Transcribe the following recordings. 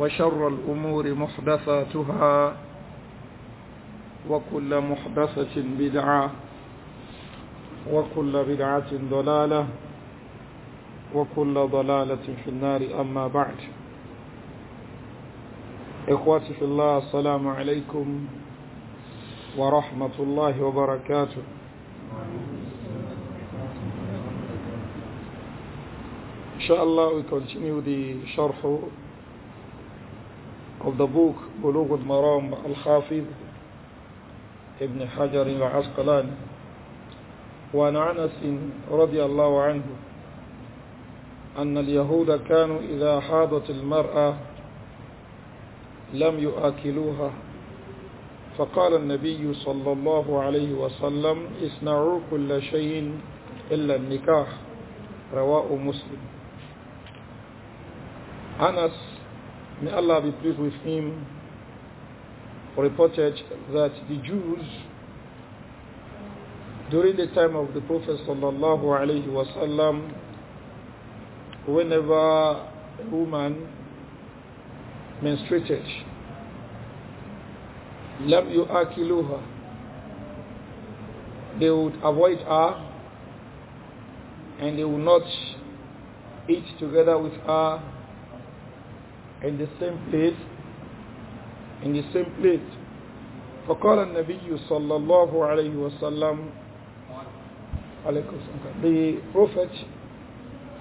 وشر الأمور محدثاتها وكل محدثة بدعة وكل بدعة ضلالة وكل ضلالة في النار أما بعد إخواتي في الله السلام عليكم ورحمة الله وبركاته إن شاء الله we continue the شرح of the book Bulugh al حجر العسقلاني وعن أنس رضي الله عنه أن اليهود كانوا إذا حاضت المرأة لم يؤكلوها فقال النبي صلى الله عليه وسلم اصنعوا كل شيء إلا النكاح رواه مسلم أنس May Allah be pleased with him, reported that the Jews during the time of the Prophet sallallahu alaihi wasallam, whenever a woman menstruated, لم akiluha, they would avoid her and they would not eat together with her in the same place in the same place فقال النبي صلى الله عليه وسلم عليكم the prophet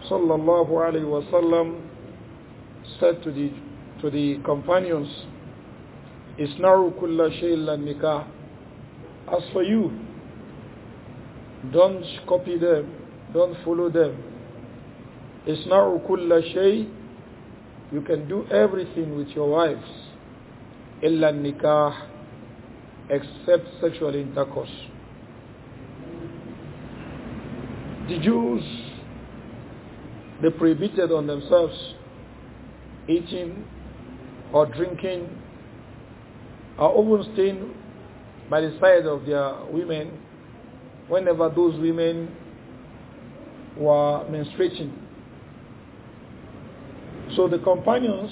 صلى الله عليه وسلم said to the to the companions isna'u kulla shay'in nikah as for you don't copy them don't follow them isna'u kulla shay. You can do everything with your wives, illa nikah, except sexual intercourse. The Jews, they prohibited on themselves eating or drinking or even staying by the side of their women whenever those women were menstruating so the companions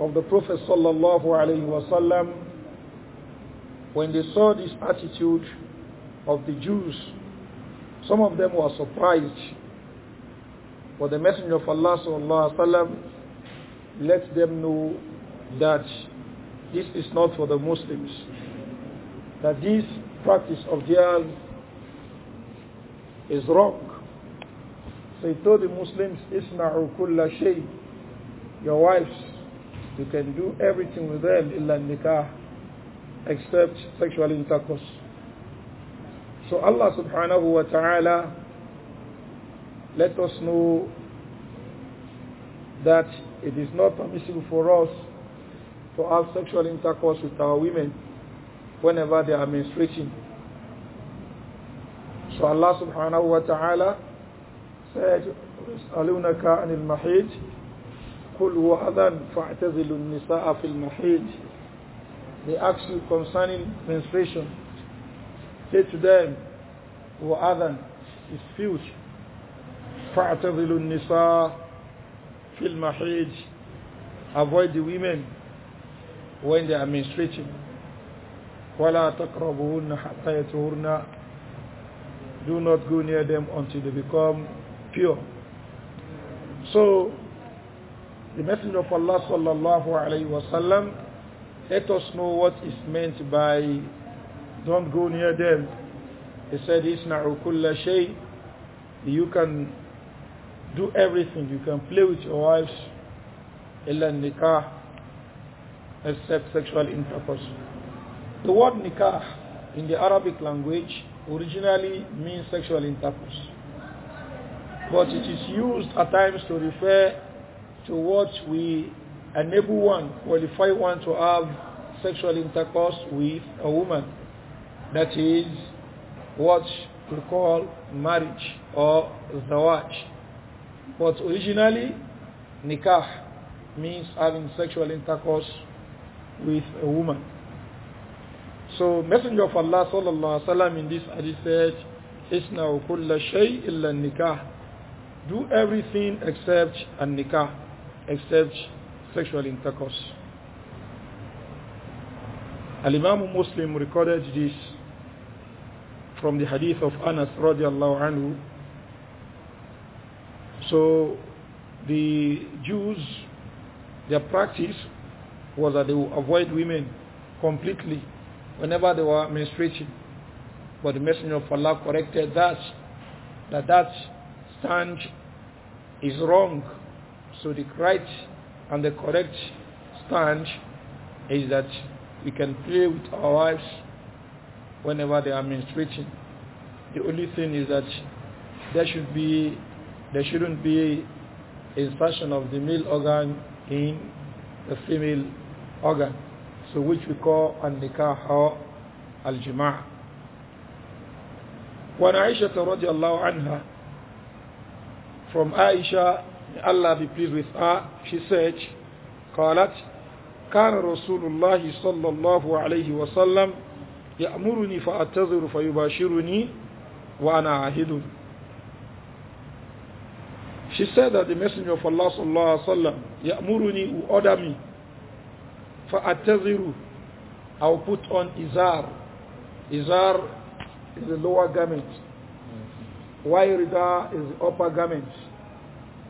of the Prophet sallallahu alaihi wasallam, when they saw this attitude of the Jews, some of them were surprised. But the Messenger of Allah sallallahu alaihi wasallam let them know that this is not for the Muslims. That this practice of theirs is wrong. So he told the Muslims, "Isna'u kulla shay." your wives, you can do everything with them illa nikah, except sexual intercourse. So Allah subhanahu wa ta'ala let us know that it is not permissible for us to have sexual intercourse with our women whenever they are menstruating. So Allah subhanahu wa ta'ala said, يسألونك عن المحيط قل هو أذن النساء في المحيط They ask you concerning menstruation. Say to them, هو أذن is filth. فاعتزلوا النساء في المحيط Avoid the women when they are menstruating. ولا تقربوهن حتى يطهرن Do not go near them until they become pure. So the Messenger of Allah sallallahu alayhi let us know what is meant by don't go near them. He said, Isna'u kulla shay. You can do everything. You can play with your wives. Illa nikah. Except sexual intercourse. The word nikah in the Arabic language originally means sexual intercourse. But it is used at times to refer to what we enable one, qualify one to have sexual intercourse with a woman. That is what we call marriage or zawaj. But originally, nikah means having sexual intercourse with a woman. So Messenger of Allah sallallahu alaihi wasallam in this hadith said, "Isna'u kulla shay illa nikah." Do everything except a nikah except sexual intercourse. Al-Imam Muslim recorded this from the hadith of Anas radiallahu anhu. So the Jews, their practice was that they would avoid women completely whenever they were menstruating. But the Messenger of Allah corrected that, that that stand is wrong so the right and the correct stand is that we can play with our wives whenever they are menstruating. The only thing is that there should be there shouldn't be insertion of the male organ in the female organ. So which we call an nikah al jima'. When Aisha رضي anha from Aisha Allah be pleased with her, she said, قالت كان رسول الله صلى الله عليه وسلم يأمرني فأتذر فيباشرني وأنا عاهد She said that the messenger of Allah صلى الله عليه وسلم يأمرني will order me فأتذر I will put on izar izar is the lower garment Wairida is the upper garment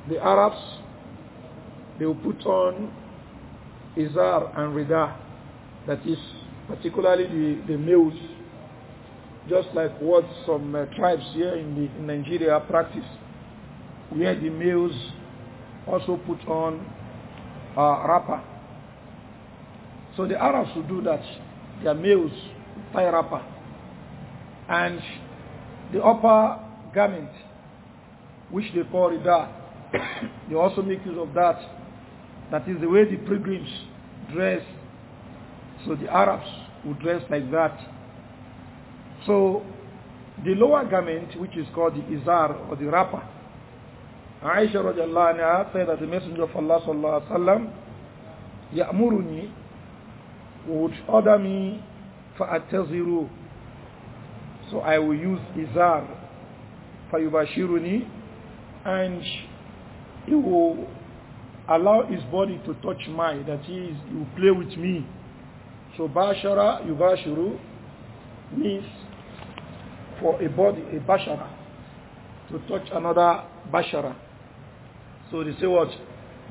the Arabs, they will put on izar and rida, that is particularly the, the males, just like what some uh, tribes here in, the, in Nigeria practice, where the males also put on uh, wrapper. So the Arabs will do that. Their males tie wrapper. And the upper garment, which they call rida, they also make use of that. That is the way the pilgrims dress. So the Arabs would dress like that. So the lower garment, which is called the izar or the wrapper, Aisha radiallahu anha said that the Messenger of Allah sallallahu alaihi wasallam, Ya'muruni would order me fa'ataziru. So I will use izar fayubashiruni and he will allow his body to touch mine, that is, he will play with me. So bashara, yubashiru means for a body, a bashara, to touch another bashara. So they say what?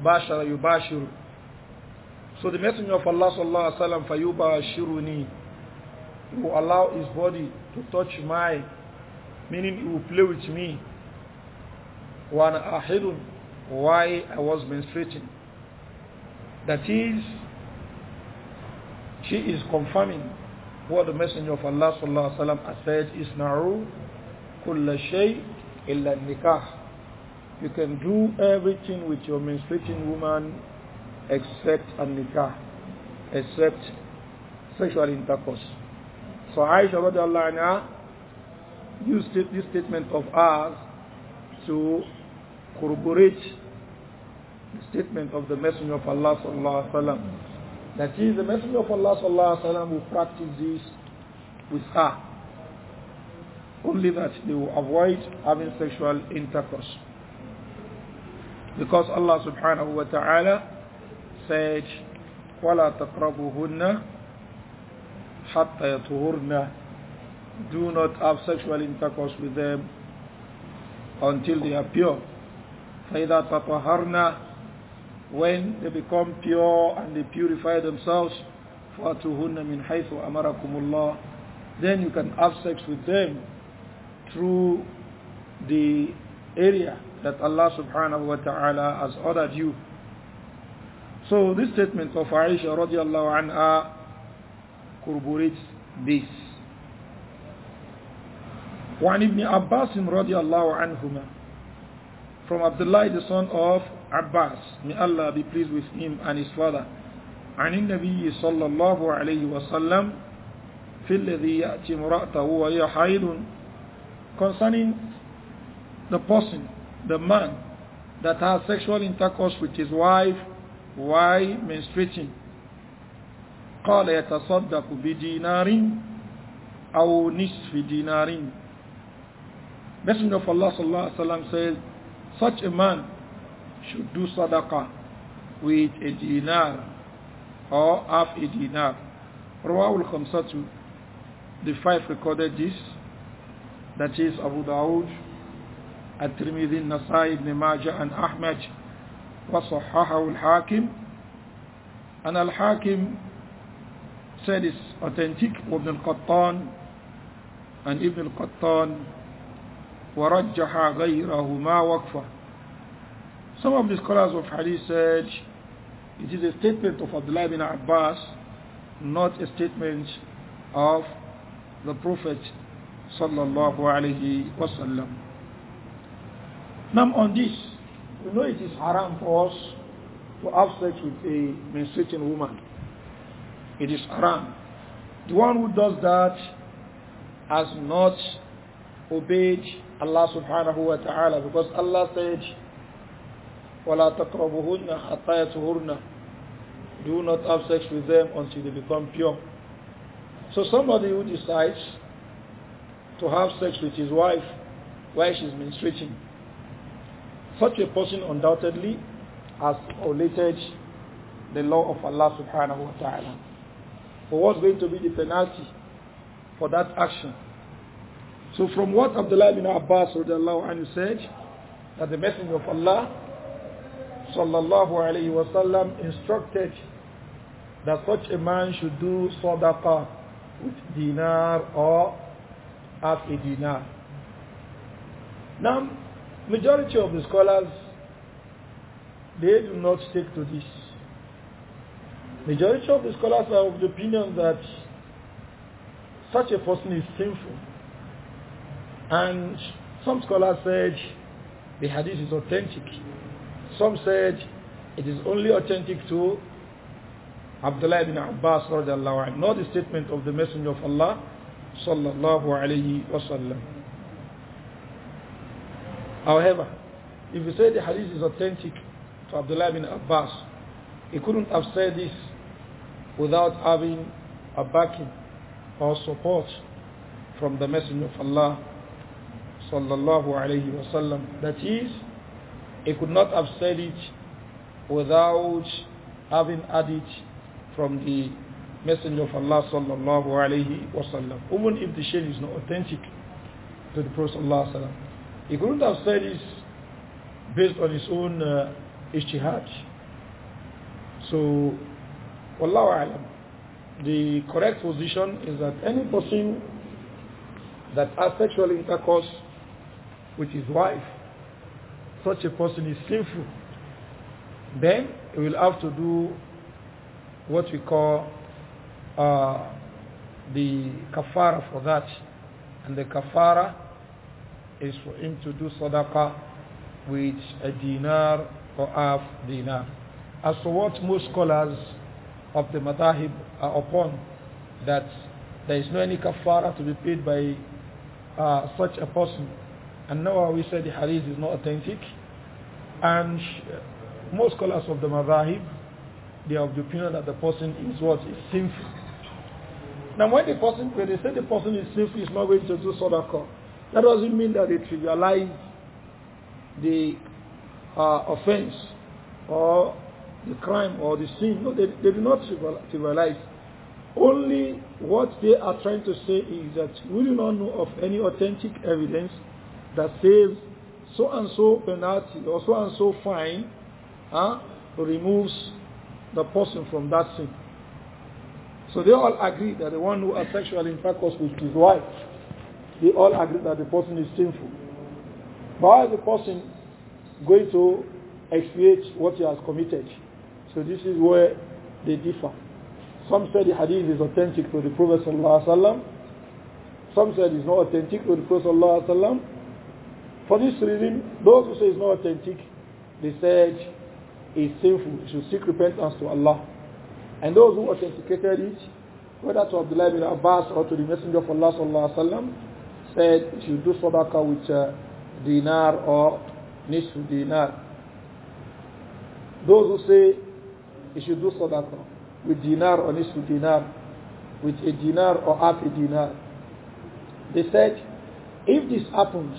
Bashara, yubashiru. So the messenger of Allah sallallahu alaihi wasallam fayubashiruni he will allow his body to touch mine, meaning he will play with me. Wa ahidun why I was menstruating. That is, she is confirming what the Messenger of Allah sallallahu alaihi wasallam has said: "Isna'u kulla shay illa nikah." You can do everything with your menstruating woman except a nikah, except sexual intercourse. So Aisha radiallahu anha used this statement of ours to corroborate the statement of the Messenger of Allah sallallahu alaihi wasallam. he, the Messenger of Allah sallallahu alaihi wasallam will practice this with her. Only that they will avoid having sexual intercourse. Because Allah subhanahu wa ta'ala said, "Wala تَقْرَبُهُنَّ حَتَّى يَطْهُرْنَ Do not have sexual intercourse with them until they are pure. فَإِذَا تَطَهَرْنَا When they become pure and they purify themselves, فَأْتُهُنَّ مِنْ حَيْثُ أَمَرَكُمُ اللَّهُ Then you can have sex with them through the area that Allah subhanahu wa ta'ala has ordered you. So this statement of Aisha radiallahu anha corroborates this. وعن ابن عباس رضي الله عنهما from Abdullah the son of Abbas may Allah be pleased with him and his father عن النبي صلى الله عليه وسلم في الذي يأتي امرأته وهي حائض concerning the person the man that has sexual intercourse with his wife while menstruating قال يتصدق بدينار أو نصف دينار Messenger of Allah صلى الله عليه وسلم says such a man should do sadaqah with a dinar or half a dinar. Rawahul Khamsatu, the five recorded this, that is Abu Dawud, At-Tirmidhi, Nasai, Ibn Majah and Ahmad, وصححه الحاكم and Al-Hakim said it's authentic Ibn Qattan and Ibn Qattan ورجح غيرهما وَقْفَهُ Some of the scholars of hadith said it is a statement of Abdullah bin Abbas, not a statement of the Prophet sallallahu alaihi wasallam. Now on this, we know it is haram for us to have sex with a menstruating woman. It is haram. The one who does that has not obeyed Allah subhanahu wa ta'ala because Allah said وَلَا تَقْرَبُهُنَّ حَتَّى يَتُهُرْنَ Do not have sex with them until they become pure. So somebody who decides to have sex with his wife while she's menstruating, such a person undoubtedly has violated the law of Allah subhanahu wa ta'ala. But what's going to be the penalty for that action? So from what Abdullah bin Abbas anhu said, that the Messenger of Allah sallallahu alayhi wasallam instructed that such a man should do sadaqah with dinar or half a dinar. Now, majority of the scholars, they do not stick to this. Majority of the scholars are of the opinion that such a person is sinful and some scholars said the hadith is authentic. Some said it is only authentic to Abdullah ibn Abbas radiallahu anhu, not the statement of the Messenger of Allah sallallahu alayhi wasallam. However, if you say the hadith is authentic to Abdullah ibn Abbas, he couldn't have said this without having a backing or support from the Messenger of Allah sallallahu alayhi wasallam. That is, he could not have said it without having added from the Messenger of Allah sallallahu alayhi wasallam. Even if the shaykh is not authentic to the Prophet sallallahu alayhi He couldn't have said this based on his own uh, So, Wallahu alam. The correct position is that any person that has sexual intercourse with his wife, such a person is sinful, then he will have to do what we call uh, the kafara for that. And the kafara is for him to do sadaqah with a dinar or half dinar. As to what most scholars of the madahib are upon, that there is no any kafara to be paid by uh, such a person and Nawawi said the hadith is not authentic. And most scholars of the Madhahib, they have the opinion that the person is what? Is sinful. Now when the person, when they say the person is sinful, is not going to do sadaqah. That doesn't mean that they trivialize the uh, offense or the crime or the sin. No, they, they do not trivialize. Only what they are trying to say is that we do not know of any authentic evidence that says so and so penalty or so and so fine huh, removes the person from that sin. So they all agree that the one who has sexual intercourse with his wife, they all agree that the person is sinful. But how is the person going to expiate what he has committed? So this is where they differ. Some say the hadith is authentic to the Prophet Some say it's not authentic to the Prophet for this reason, those who say it's not authentic, they said it's sinful. You should seek repentance to Allah. And those who authenticated it, whether to Abdullah bin Abbas or to the Messenger of Allah sallallahu alaihi wasallam, said you should do sadaqah with uh, dinar or nisfu dinar. Those who say you should do sadaqah with dinar or nisfu dinar, with a dinar or half a dinar, they said if this happens,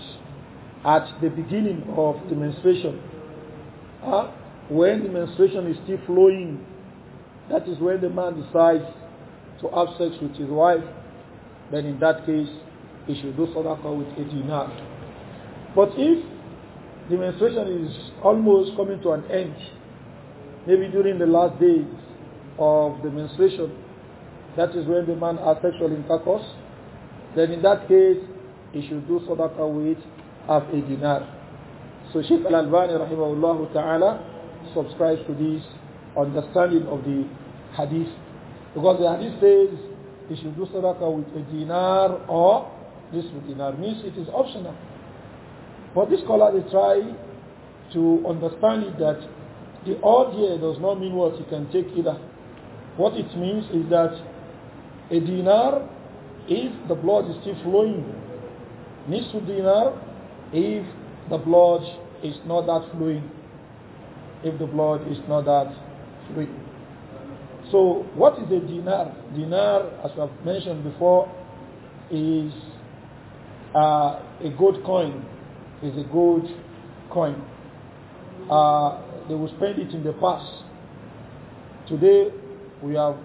at the beginning of the menstruation. Uh, when the menstruation is still flowing, that is when the man decides to have sex with his wife, then in that case, he should do sadaqah with a dinar. But if the menstruation is almost coming to an end, maybe during the last days of the menstruation, that is when the man has sexual intercourse, then in that case, he should do sadaqah with of a dinar. So Sheikh Al-Albani rahimahullah ta'ala subscribes to this understanding of the hadith. Because the hadith says you should do sadaqah with a dinar or this with dinar. Means it is optional. But this scholar they try to understand it that the odd year does not mean what you can take either. What it means is that a dinar if the blood is still flowing. Nisfu dinar if the blood is not that fluid, if the blood is not that fluid. So what is a dinar? Dinar, as we have mentioned before, is uh, a gold coin. Is a gold coin. Uh, they will spend it in the past. Today we have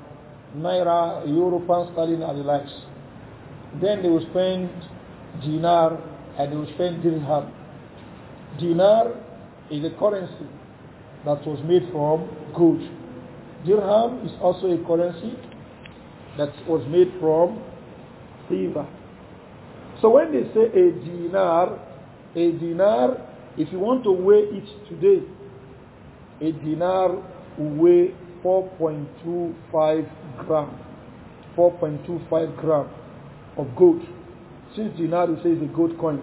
naira, euro, pound sterling, and the likes. Then they will spend dinar and he will spend dirham. Dinar is a currency that was made from gold. Dirham is also a currency that was made from silver. So when they say a dinar, a dinar, if you want to weigh it today, a dinar will weigh 4.25 gram, 4.25 gram of gold. Since dinar, you say, is a gold coin.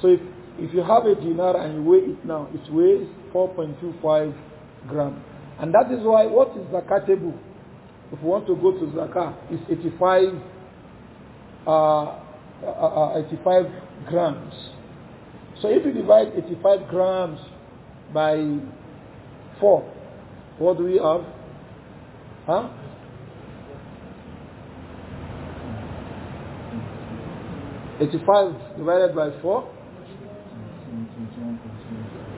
So if, if you have a dinar and you weigh it now, it weighs 4.25 gram. And that is why what is zakatable? If you want to go to zakah, it's 85, uh, uh, uh, uh, 85 grams. So if you divide 85 grams by 4, what do we have? Huh? 85 divided by 4?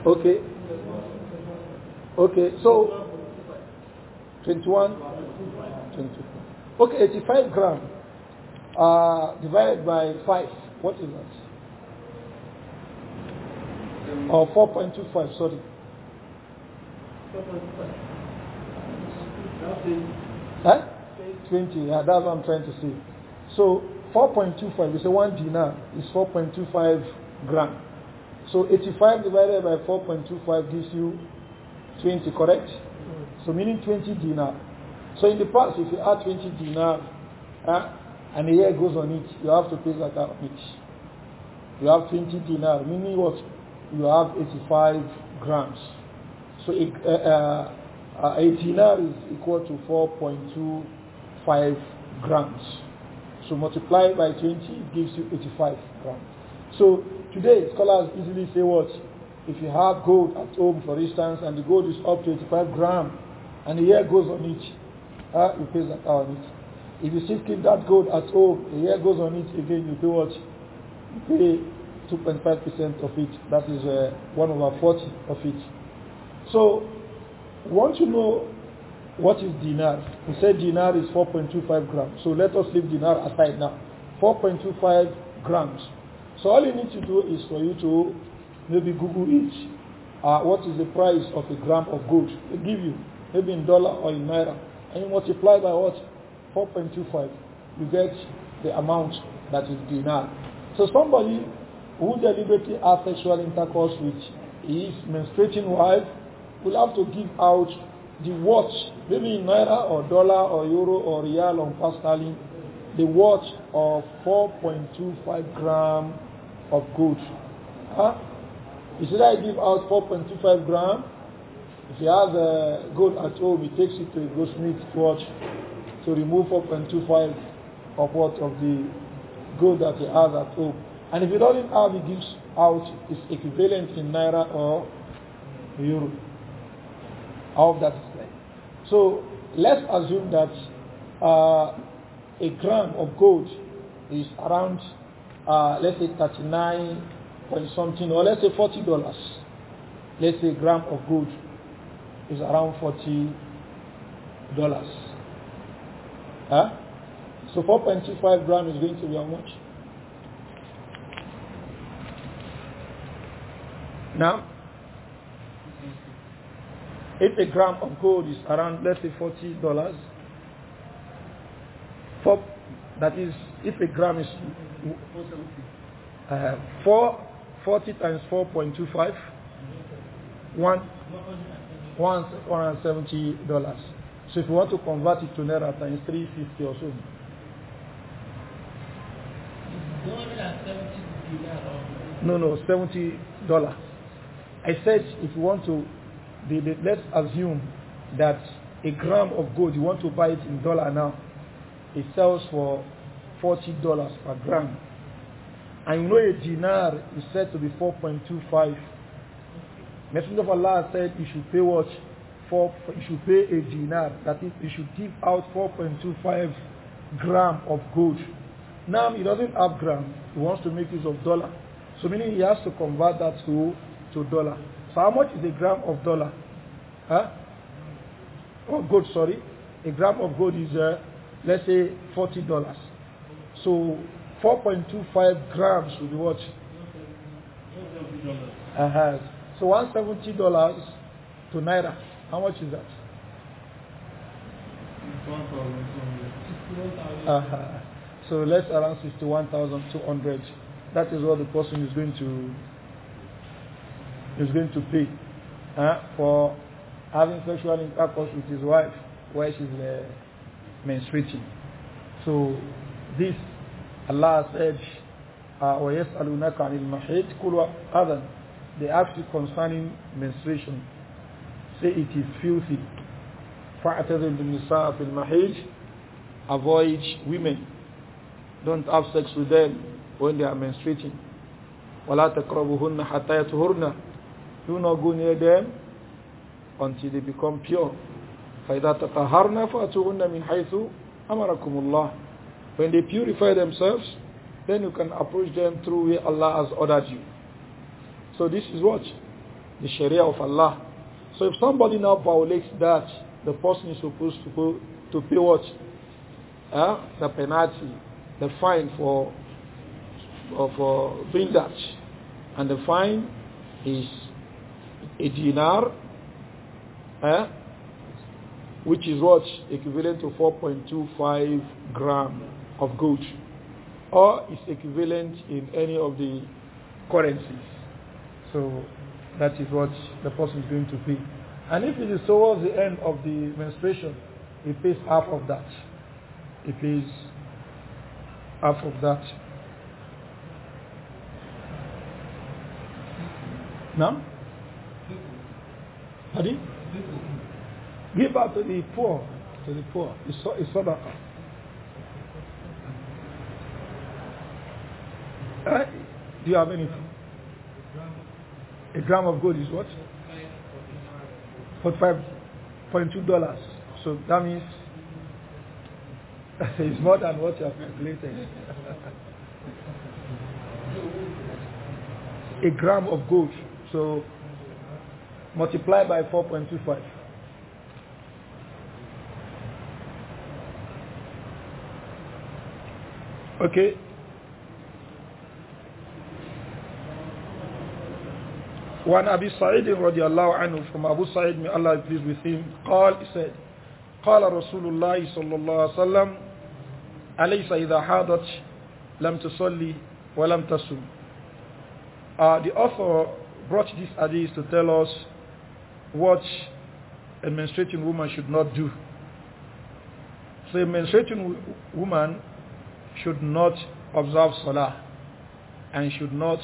Okay. Okay, so 21, 24. Okay, 85 gram uh, divided by 5. What is that? Or oh, 4.25, sorry. 4.25. Huh? 20, yeah, that's what I'm trying to see. So 4.25, You say one dinar is 4.25 gram. So 85 divided by 4.25 gives you 20, correct? So meaning 20 dinar. So in the past, if you add 20 dinar uh, and a year goes on it, you have to pay that on it. You have 20 dinar, meaning what? You have 85 grams. So it, uh, uh, a dinar is equal to 4.25 grams. So multiply by 20, it gives you 85 grams. So today, scholars easily say what? If you have gold at home, for instance, and the gold is up to 85 grams, and the year goes on it, uh, you pay that on it. If you still keep that gold at home, the year goes on it again, you pay what? You pay 2.5% of it. That is uh, 1 over 40 of it. So, once you know what is dinar? He said dinar is 4.25 grams. So let us leave dinar aside now. 4.25 grams. So all you need to do is for you to maybe Google it. Uh, what is the price of a gram of gold? They give you maybe in dollar or in naira. And you multiply by what? 4.25. You get the amount that is dinar. So somebody who deliberately has sexual intercourse with his menstruating wife will have to give out the watch, maybe in naira or dollar or euro or real on fast sterling, the watch of 4.25 gram of gold. Huh? You see, I give out 4.25 gram. If you have uh, gold at home, he takes it to a goldsmith watch to remove 4.25 of what of the gold that he has at home. And if he doesn't have, he gives out its equivalent in naira or euro of that is clear. So let's assume that uh, a gram of gold is around, uh, let's say 39 point something, or let's say $40. Let's say a gram of gold is around $40. Huh? So 4.25 gram is going to be how much? Now, if a gram of gold is around, let's say, forty dollars, for that is, if a gram is uh, four, 40 times 4.25, one, $170. So if you want to convert it to Naira times 350 or so. No, no, $70. I said if you want to the, the, let's assume that a gram of gold, you want to buy it in dollar now, it sells for $40 per gram. And you know a dinar is said to be 4.25. Messenger of Allah said you should pay what? For, you should pay a dinar. That is, you should give out 4.25 gram of gold. Now he doesn't have gram. He wants to make use of dollar. So meaning he has to convert that to, to dollar. So how much is a gram of dollar? Huh? Or oh, gold, sorry. A gram of gold is, uh, let's say, $40. So 4.25 grams would be what? Uh-huh. So $170 to Naira. How much is that? Uh-huh. So let's around 61,200. That is what the person is going to is going to pay uh, for having sexual intercourse with his wife while she's uh, menstruating. So this Allah said, وَيَسْأَلُونَكَ عَنِ الْمَحِيطِ كُلُوا أَذًا They ask you concerning menstruation. Say it is filthy. the النِّسَاءَ فِي الْمَحِيطِ Avoid women. Don't have sex with them when they are menstruating. وَلَا تَقْرَبُهُنَّ حَتَّى يَتُهُرْنَ do not go near them until they become pure. فَإِذَا تَطَهَرْنَا فَأْتُوهُنَّ مِنْ حَيْثُ أَمَرَكُمُ اللَّهُ When they purify themselves, then you can approach them through where Allah has ordered you. So this is what? The Sharia of Allah. So if somebody now violates that, the person is supposed to go to pay what? Uh, the penalty, the fine for, for, for doing that. And the fine is a dinar, eh, which is what equivalent to 4.25 gram of gold, or is equivalent in any of the currencies. So that is what the person is going to pay. And if it is towards the end of the menstruation, he pays half of that. He pays half of that. Now? Pardon? Give out to the poor, to the poor. It's, it's sadaqah. Uh, do you have anything? A gram of gold is what? Forty-five point two dollars. So that means it's more than what you have calculated. a gram of gold. So multiply by 4.25. Okay. وعن أبي سعيد رضي الله عنه from Abu Sa'id may Allah be pleased with him قال he said قال رسول الله صلى الله عليه وسلم أليس إذا حاضت لم تصلي ولم تصوم uh, the author brought this hadith to tell us what a menstruating woman should not do. So a menstruating woman should not observe salah and should not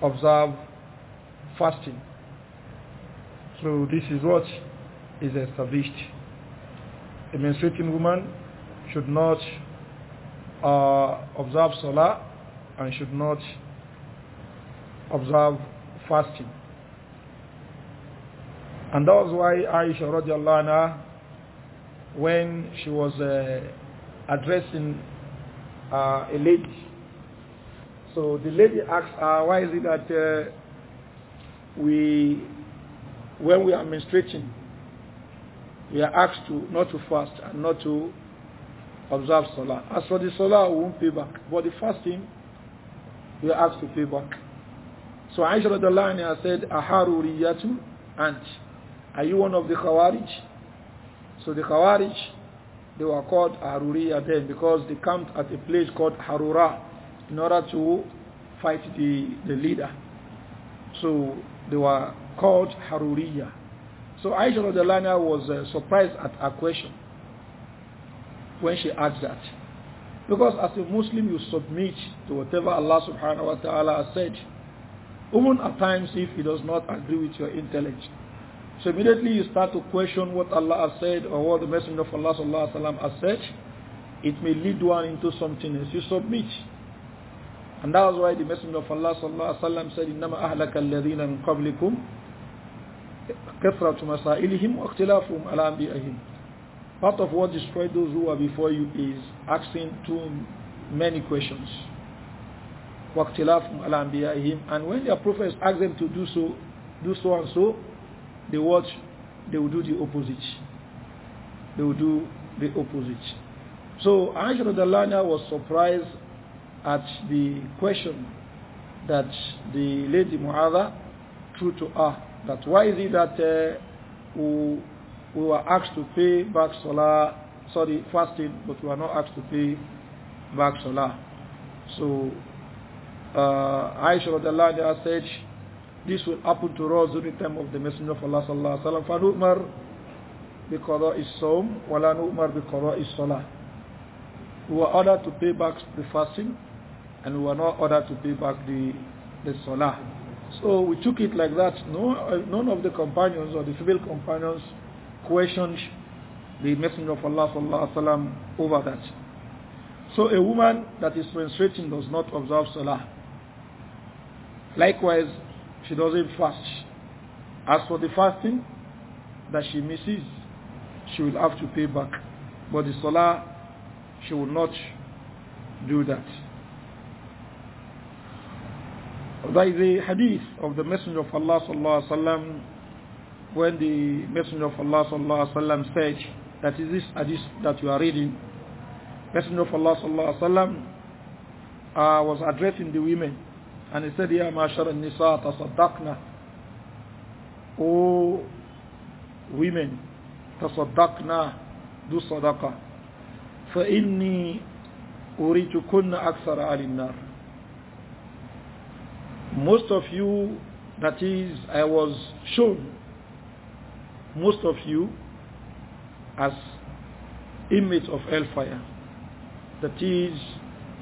observe fasting. So this is what is established. A menstruating woman should not uh, observe salah and should not observe fasting. And that was why Aisha radiallahu anha, when she was uh, addressing uh, a lady, so the lady asked her, why is it that uh, we, when we are menstruating, we are asked to not to fast and not to observe Salah. As for the Salah, we won't pay back. But the fasting, we are asked to pay back. So Aisha radiallahu anha said, Aharu riyatu anti. Are you one of the Khawarij? So the Khawarij, they were called Haruriya then because they camped at a place called Harura in order to fight the, the leader. So they were called Haruriya. So Aisha Radhalana was uh, surprised at her question when she asked that. Because as a Muslim you submit to whatever Allah subhanahu wa ta'ala has said. Even at times if he does not agree with your intelligence. So immediately you start to question what Allah has said or what the Messenger of Allah sallallahu alaihi wasallam has said. It may lead one into something else. You submit. And that is why the Messenger of Allah sallallahu alaihi wasallam said, "Innama ahlaka masailihim wa Part of what destroyed those who were before you is asking too many questions. And when their prophets ask them to do so, do so and so, they watch, they will do the opposite. They will do the opposite. So Aisha Radalanya was surprised at the question that the lady Mu'adha threw to her. That why is it that uh, we, were asked to pay back Salah, sorry, fasting, but we were not asked to pay back Salah. So uh, Aisha Radalanya said, this will happen to us during the time of the Messenger of Allah sallallahu alaihi wasallam. فَنُؤْمَرْ بِقَضَاءِ الصَّوْمِ وَلَا نُؤْمَرْ بِقَضَاءِ الصَّلَاةِ We were ordered to pay back the fasting and we were not ordered to pay back the, the salah. So we took it like that. No, none of the companions or the female companions questioned the Messenger of Allah sallallahu alaihi wasallam over that. So a woman that is menstruating does not observe salah. Likewise, she doesn't fast. As for the fasting that she misses, she will have to pay back. But the salah, she will not do that. By the hadith of the Messenger of Allah sallallahu alaihi wasallam, when the Messenger of Allah sallallahu alaihi wasallam said, that is this hadith that you are reading, Messenger of Allah sallallahu alaihi wasallam uh, was addressing the women and he said, Ya mashar al-nisa tasaddaqna. Oh women, tasaddaqna, do sadaqa. فإني أريتكن أكثر أهل النار. Most of you, that is, I was shown, most of you as inmates of hellfire. That is,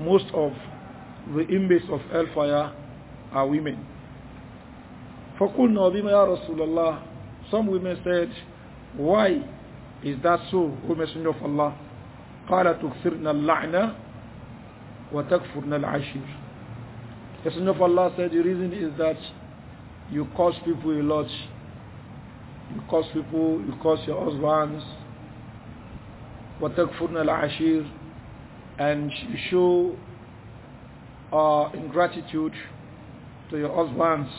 most of the inmates of hellfire are women. فَقُلْنَا بِمَا يَا رَسُولَ Some women said, why is that so, O Messenger of Allah? قَالَ تُكْثِرْنَا اللَّعْنَ وَتَكْفُرْنَا الْعَشِيرِ Messenger of Allah said, the reason is that you cause people a lot. You cause people, you cause your husbands. وَتَكْفُرْنَا الْعَشِيرِ And you show uh, ingratitude to your husbands.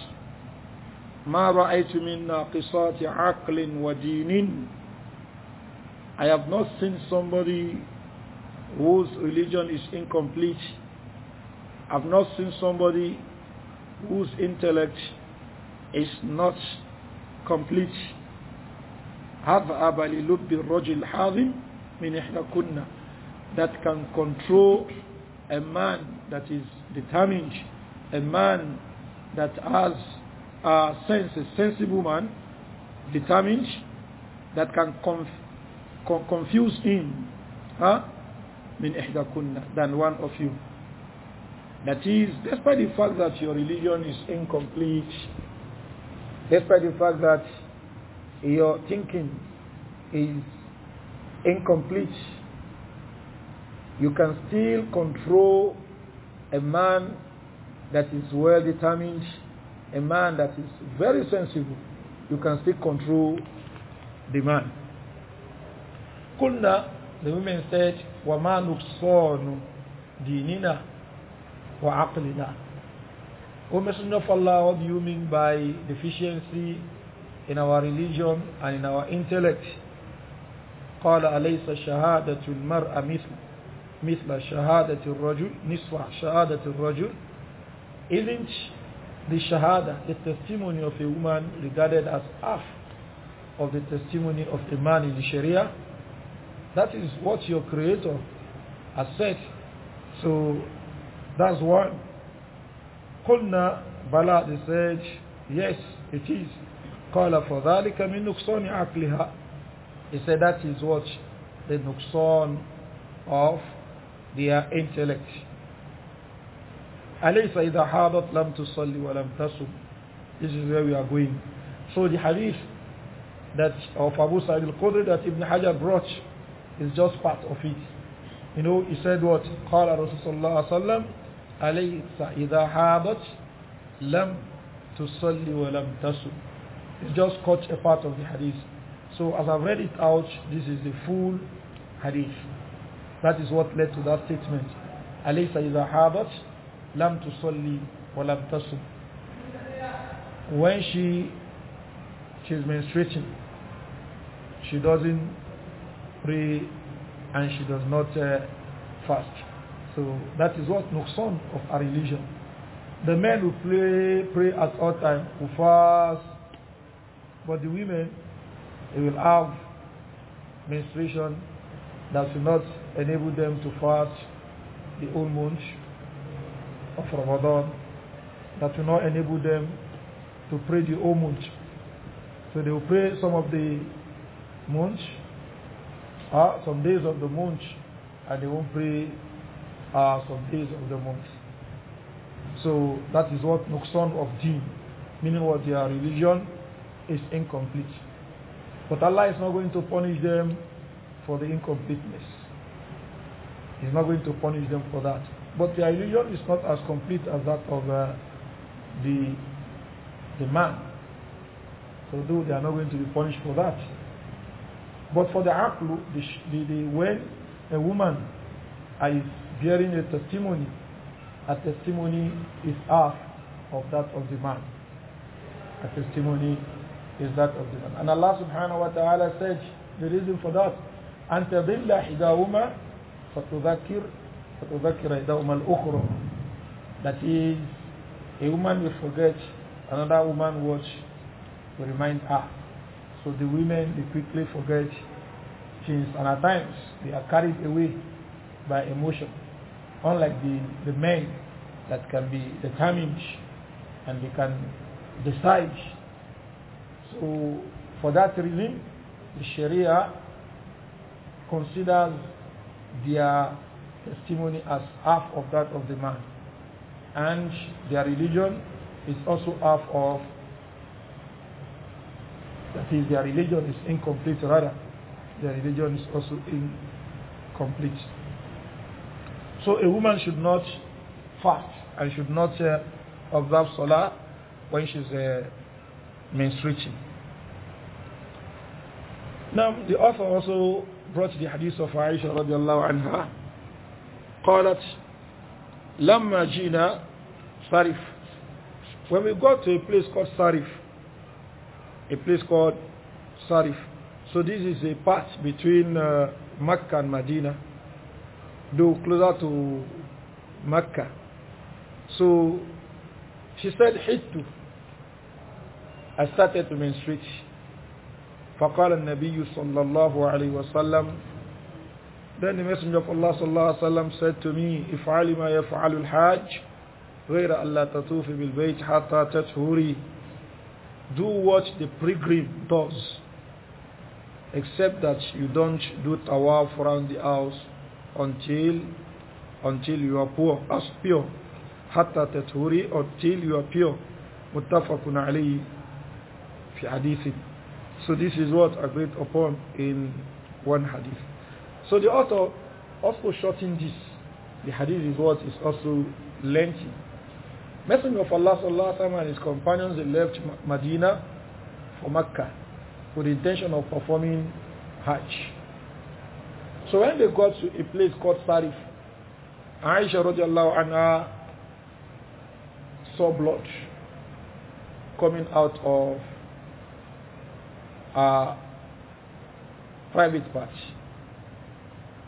ما رأيت من ناقصات عقل ودين I have not seen somebody whose religion is incomplete. I've not seen somebody whose intellect is not complete. هذهب للب الرجل الحاذم من إحداكن that can control a man that is determined, a man that has sense, a sensible man, determined, that can conf con confuse him huh? min ihdakunna than one of you. That is, despite the fact that your religion is incomplete, despite the fact that your thinking is incomplete, you can still control a man that is well determined, a man that is very sensible, you can still control the man. Kunda, the women said, وَمَا نُقْصَانُ wa aqlina." O Messenger of Allah, what do you mean by deficiency in our religion and in our intellect? قال أليس شهادة المرأة مثل مثل شهادة الرجل نصف شهادة الرجل isn't the shahada, the testimony of a woman regarded as half of the testimony of a man in the Sharia? That is what your creator has said. So that's one. قلنا Bala, they said, yes, it is. قال فذلك من نقصان akliha. He said that is what the nuksan of their intellect. أليس إذا حاضت لم تصلي ولم تصم This is where we are going. So the hadith that of Abu Sa'id al-Qudri that Ibn Hajar brought is just part of it. You know, he said what? قال رسول صلى الله عليه وسلم أليس إذا حاضت لم تصلي ولم It's just caught a part of the hadith. So as I've read it out, this is the full hadith. That is what led to that statement. أليس إذا حاضت when she she's menstruating, she doesn't pray and she does not uh, fast. So that is what nuqsan of our religion. The men who pray, pray at all time, who fast, but the women, they will have menstruation that will not enable them to fast the whole month of Ramadan that will not enable them to pray the whole month. So they will pray some of the month, uh, some days of the month, and they won't pray uh, some days of the month. So that is what Nuqsan of Deen, meaning what their religion is incomplete. But Allah is not going to punish them for the incompleteness. He's not going to punish them for that. But their illusion is not as complete as that of uh, the, the man. So though they are not going to be punished for that. But for the aklu, the, the, the, when a woman is bearing a testimony, a testimony is half of that of the man. A testimony is that of the man. And Allah subhanahu wa ta'ala said the reason for that, أن تضل إحداهما فتذكر وَتُذَكِّرَ إِذَا الْأُخْرَى That is, a woman will forget, another woman watch, will remind her. So the women, they quickly forget things. And at times, they are carried away by emotion. Unlike the, the men that can be determined and they can decide. So for that reason, the Sharia considers their testimony as half of that of the man. And their religion is also half of, that is, their religion is incomplete rather. Their religion is also incomplete. So a woman should not fast and should not uh, observe Salah when she's uh, menstruating. Now, the author also brought the hadith of Aisha radiallahu anha قالت لما جينا Sarif. When we got to a place called Sarif, a place called Sarif. So this is a path between uh, Mecca and Medina, though closer to Mecca. So she said, Hittu. I started to menstruate. فقال النبي صلى الله عليه وسلم then the Messenger of Allah sallallahu alaihi wasallam said to me, "If'ali ma yaf'alu al-hajj, غير ألا تطوفي بالبيت حتى تطهري." Do what the pilgrim does, except that you don't do tawaf around the house until until you are poor, as pure. حتى تطهري until you are pure. متفق عليه في حديث. So this is what agreed upon in one hadith. So the author also shortened this. The hadith is what is also lengthy. Messenger of Allah sallallahu alaihi and his companions they left Medina for Mecca with the intention of performing Hajj. So when they got to a place called Sarif, Aisha radiallahu anha saw blood coming out of a private patch.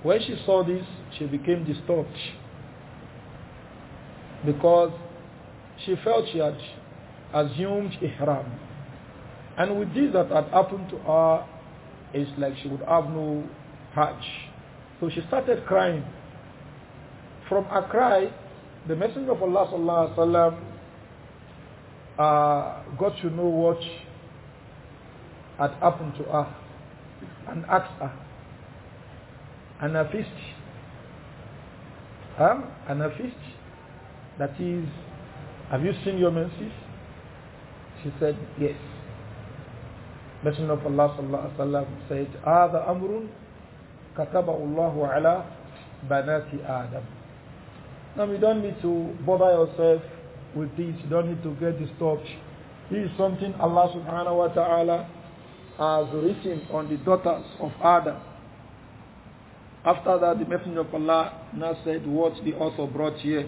When she saw this, she became disturbed because she felt she had assumed ihram. And with this that had happened to her, it's like she would have no hajj. So she started crying. From her cry, the Messenger of Allah sallallahu alaihi wasallam uh, got to know what had happened to her and asked her, anafist. Um, anafist, that is, have you seen your menses? She said, yes. Messenger of Allah sallallahu alaihi wasallam said, "Ada amrun katabahu Allah ala banati Adam." Now you don't need to bother yourself with this. You don't need to get disturbed. This is something Allah subhanahu wa taala has written on the daughters of Adam. After that, the Messenger of Allah now said what the author brought here.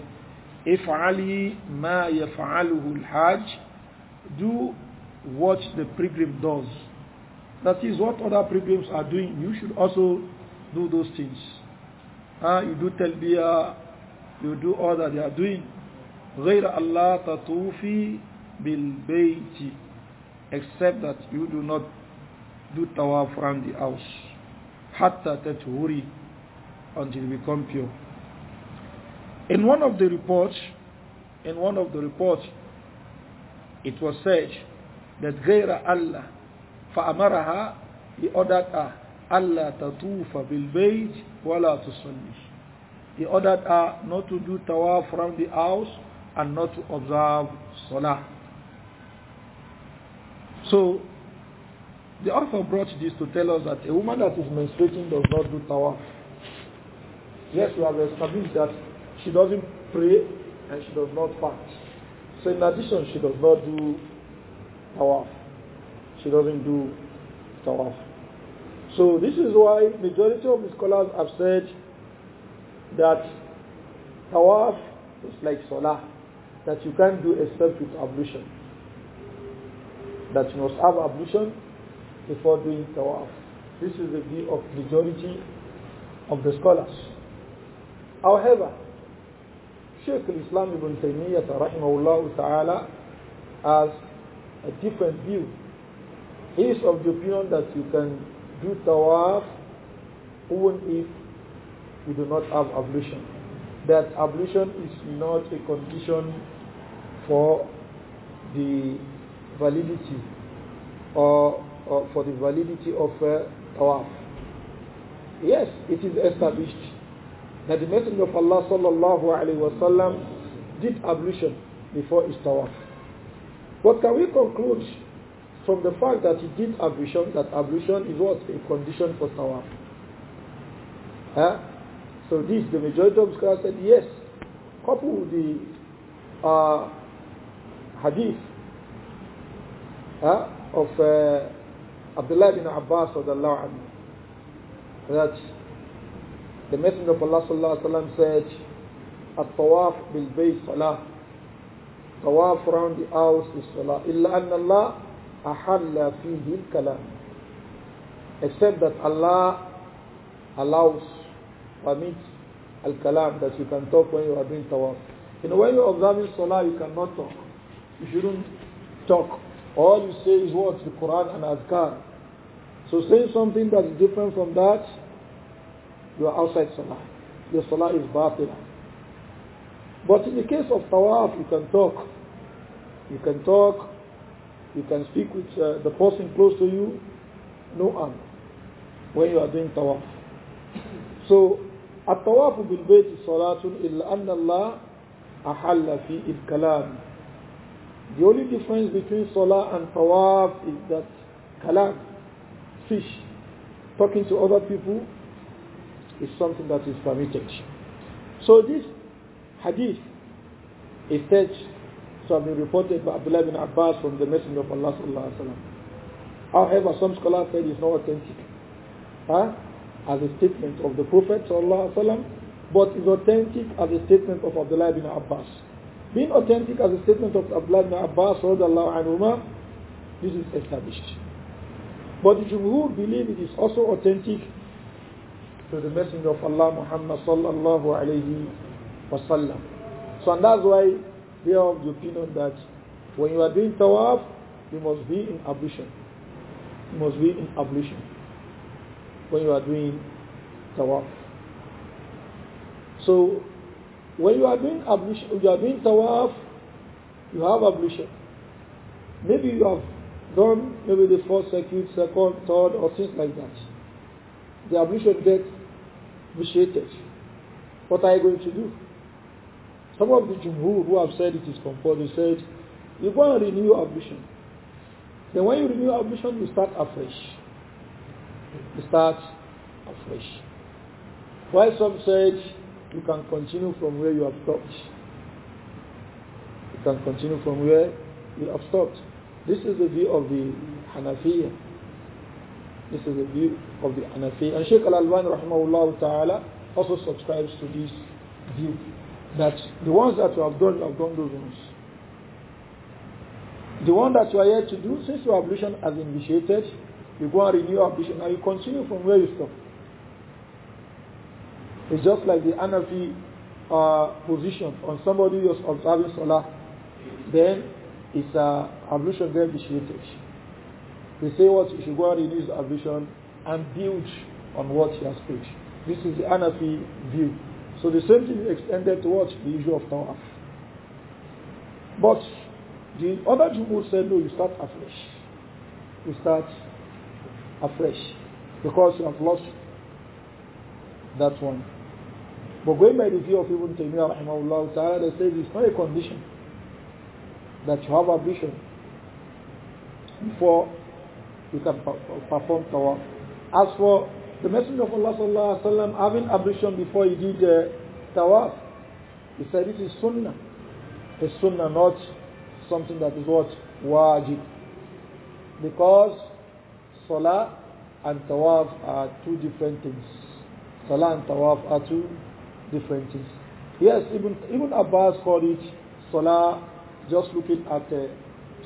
If Ali ma yaf'aluhu al-hajj, do what the pilgrim does. That is what other pilgrims are doing. You should also do those things. Uh, you do talbiyah, you do all that they are doing. غير Allah tatufi bil bayti except that you do not do tawaf around the house. حتى تتهري until you become pure. In one of the reports, in one of the reports, it was said that Gaira Allah faamaraha, he ordered her Allah tatufa bil bayt wala tusalli he ordered her not to do tawaf from the house and not to observe salah so the author brought this to tell us that a woman that is menstruating does not do tawaf Yes, we have established that she doesn't pray and she does not fast. So in addition, she does not do tawaf. She doesn't do tawaf. So this is why majority of the scholars have said that tawaf is like salah, that you can't do except with ablution. That you must have ablution before doing tawaf. This is the view of majority of the scholars. However, sheik al-Islam ibn Taymiyyah rahimahullah ta'ala has a different view. He is of the opinion that you can do tawaf even if you do not have ablution. That ablution is not a condition for the validity or, or for the validity of uh, tawaf. Yes, it is established that the Messenger of Allah sallallahu alaihi wasallam did ablution before his tawaf. can we conclude from the fact that he did ablution that ablution is what a condition for tawaf? Huh? So this the majority of scholars said yes. Couple the uh, hadith huh, of uh, Abdullah bin Abbas that the Messenger of Allah said, "At-tawaf bil bayt salah." Tawaf around the house is salah. Illa anna Allah ahalla fihi kalam. Except that Allah allows, permits al-kalam that you can talk when you are doing tawaf. You know, when you are observing salah, you cannot talk. You shouldn't talk. All you say is what? The Quran and Azkar. So saying something that is different from that you are outside salah. Your salah is batila. But in the case of tawaf, you can talk. You can talk. You can speak with uh, the person close to you. No harm when you are doing tawaf. So, الطواف بالبيت صلاة إلا أن الله ahlafi il kalam. The only difference between salah and tawaf is that kalam, speech, talking to other people, is something that is permitted. So this hadith is said to have been reported by Abdullah bin Abbas from the Messenger of Allah sallallahu alaihi wasallam. However, some scholars say it's not authentic huh? as a statement of the Prophet sallallahu alaihi wasallam, but is authentic as a statement of Abdullah bin Abbas. Being authentic as a statement of Abdullah bin Abbas and anhuma, this is established. But the Jumhur believe it is also authentic to the Messenger of Allah Muhammad sallallahu alayhi wasallam. So and that's why we are of the opinion that when you are doing tawaf, you must be in ablution. You must be in ablution when you are doing tawaf. So when you are doing ablution, you are doing tawaf, you have ablution. Maybe you have done maybe the first circuit, second, third, or things like that the abolition gets initiated. What are you going to do? Some of the Jumhur who have said it is compulsory said, you go and renew ablution. Then when you renew ablution, you start afresh. You start afresh. While some said, you can continue from where you have stopped. You can continue from where you have stopped. This is the view of the Hanafiya. This is the view of the Hanafi. And Sheikh Al-Albani rahimahullah ta'ala also subscribes to this view that the ones that you have done, you have done those ones. The one that you are yet to do, since your ablution has initiated, you go and renew your ablution Now you continue from where you stop. It's just like the Hanafi uh, position on somebody who is observing Salah, then it's uh, ablution gets initiated. They say what you should go and renew his ablution and build on what he has preached. This is the Anafi view. So the same thing is extended towards the issue of Tawaf. But the other Jumhur said, no, you start afresh. You start afresh. Because you have lost that one. But going by the view of Ibn Taymiyyah ta'ala, they say it's not a condition that you have vision before you can perform tawaf. As for the Messenger of Allah sallallahu alaihi wasallam having ablution before he did uh, tawaf, he said it is sunnah. It's sunnah, not something that is what wajib, because salah and tawaf are two different things. Salah and tawaf are two different things. Yes, even even Abbas called it salah, just looking at uh,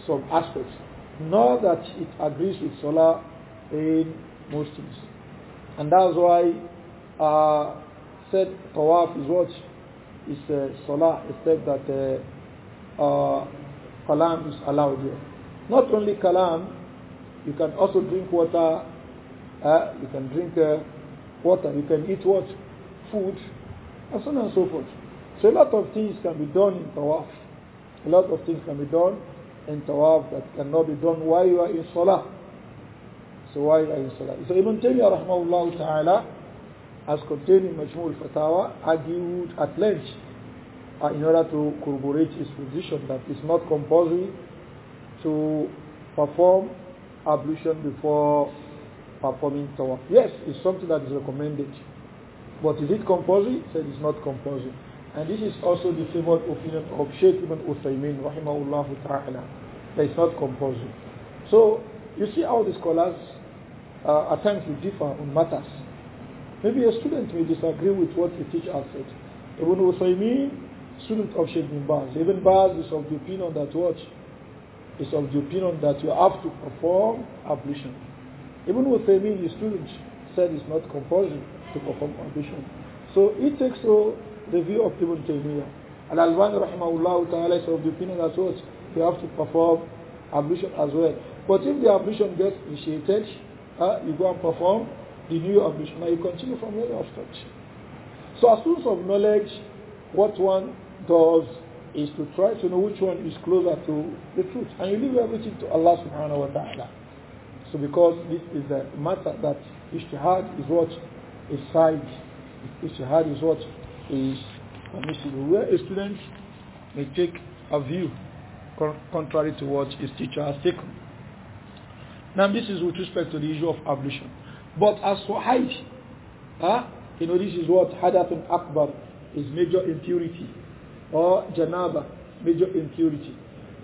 some aspects. Not that it agrees with Salah in Muslims. And that's why uh, said Tawaf is what? Is uh, Salah, except that uh, uh, Kalam is allowed here. Not only Kalam, you can also drink water, uh, you can drink uh, water, you can eat what? Food, and so on and so forth. So a lot of things can be done in Tawaf. A lot of things can be done in tawaf that cannot be done while you are in salah. So while you are in salah. So Ibn Taymiyyah rahmahullah ta'ala as contained in Majmul Fatawa argued at length uh, in order to corroborate his position that it's not compulsory to perform ablution before performing tawaf. Yes, it's something that is recommended. But is it compulsory? He said it's not compulsory. And this is also the favored opinion of Sheikh Ibn Uthaymeen, rahimahullah ta'ala, that is not compulsory. So, you see how the scholars uh, at times will differ on matters. Maybe a student may disagree with what the teacher said. Ibn Uthaymeen, student of Sheikh Ibn Baz. Ibn Baz is of the opinion that what? Is of the opinion that you have to perform ablution. Ibn Uthaymeen, the student, said it's not compulsory to perform ablution. So he takes so uh, the view of Ibn Taymiyyah. And Al-Albani rahimahullah ta'ala is of the opinion that what they have to perform ablution as well. But if the ablution gets initiated, uh, you go and perform the new ablution. Now you continue from where you have stopped. So as source of knowledge, what one does is to try to know which one is closer to the truth. And you leave everything to Allah subhanahu wa ta'ala. So because this is a matter that ishtihad is what is side Ijtihad is what is permissible. Where a student may take a view contrary to what his teacher has taken. Now this is with respect to the issue of ablution. But as for Hajj, huh, ah, you know this is what Hadath and Akbar is major impurity or Janaba, major impurity.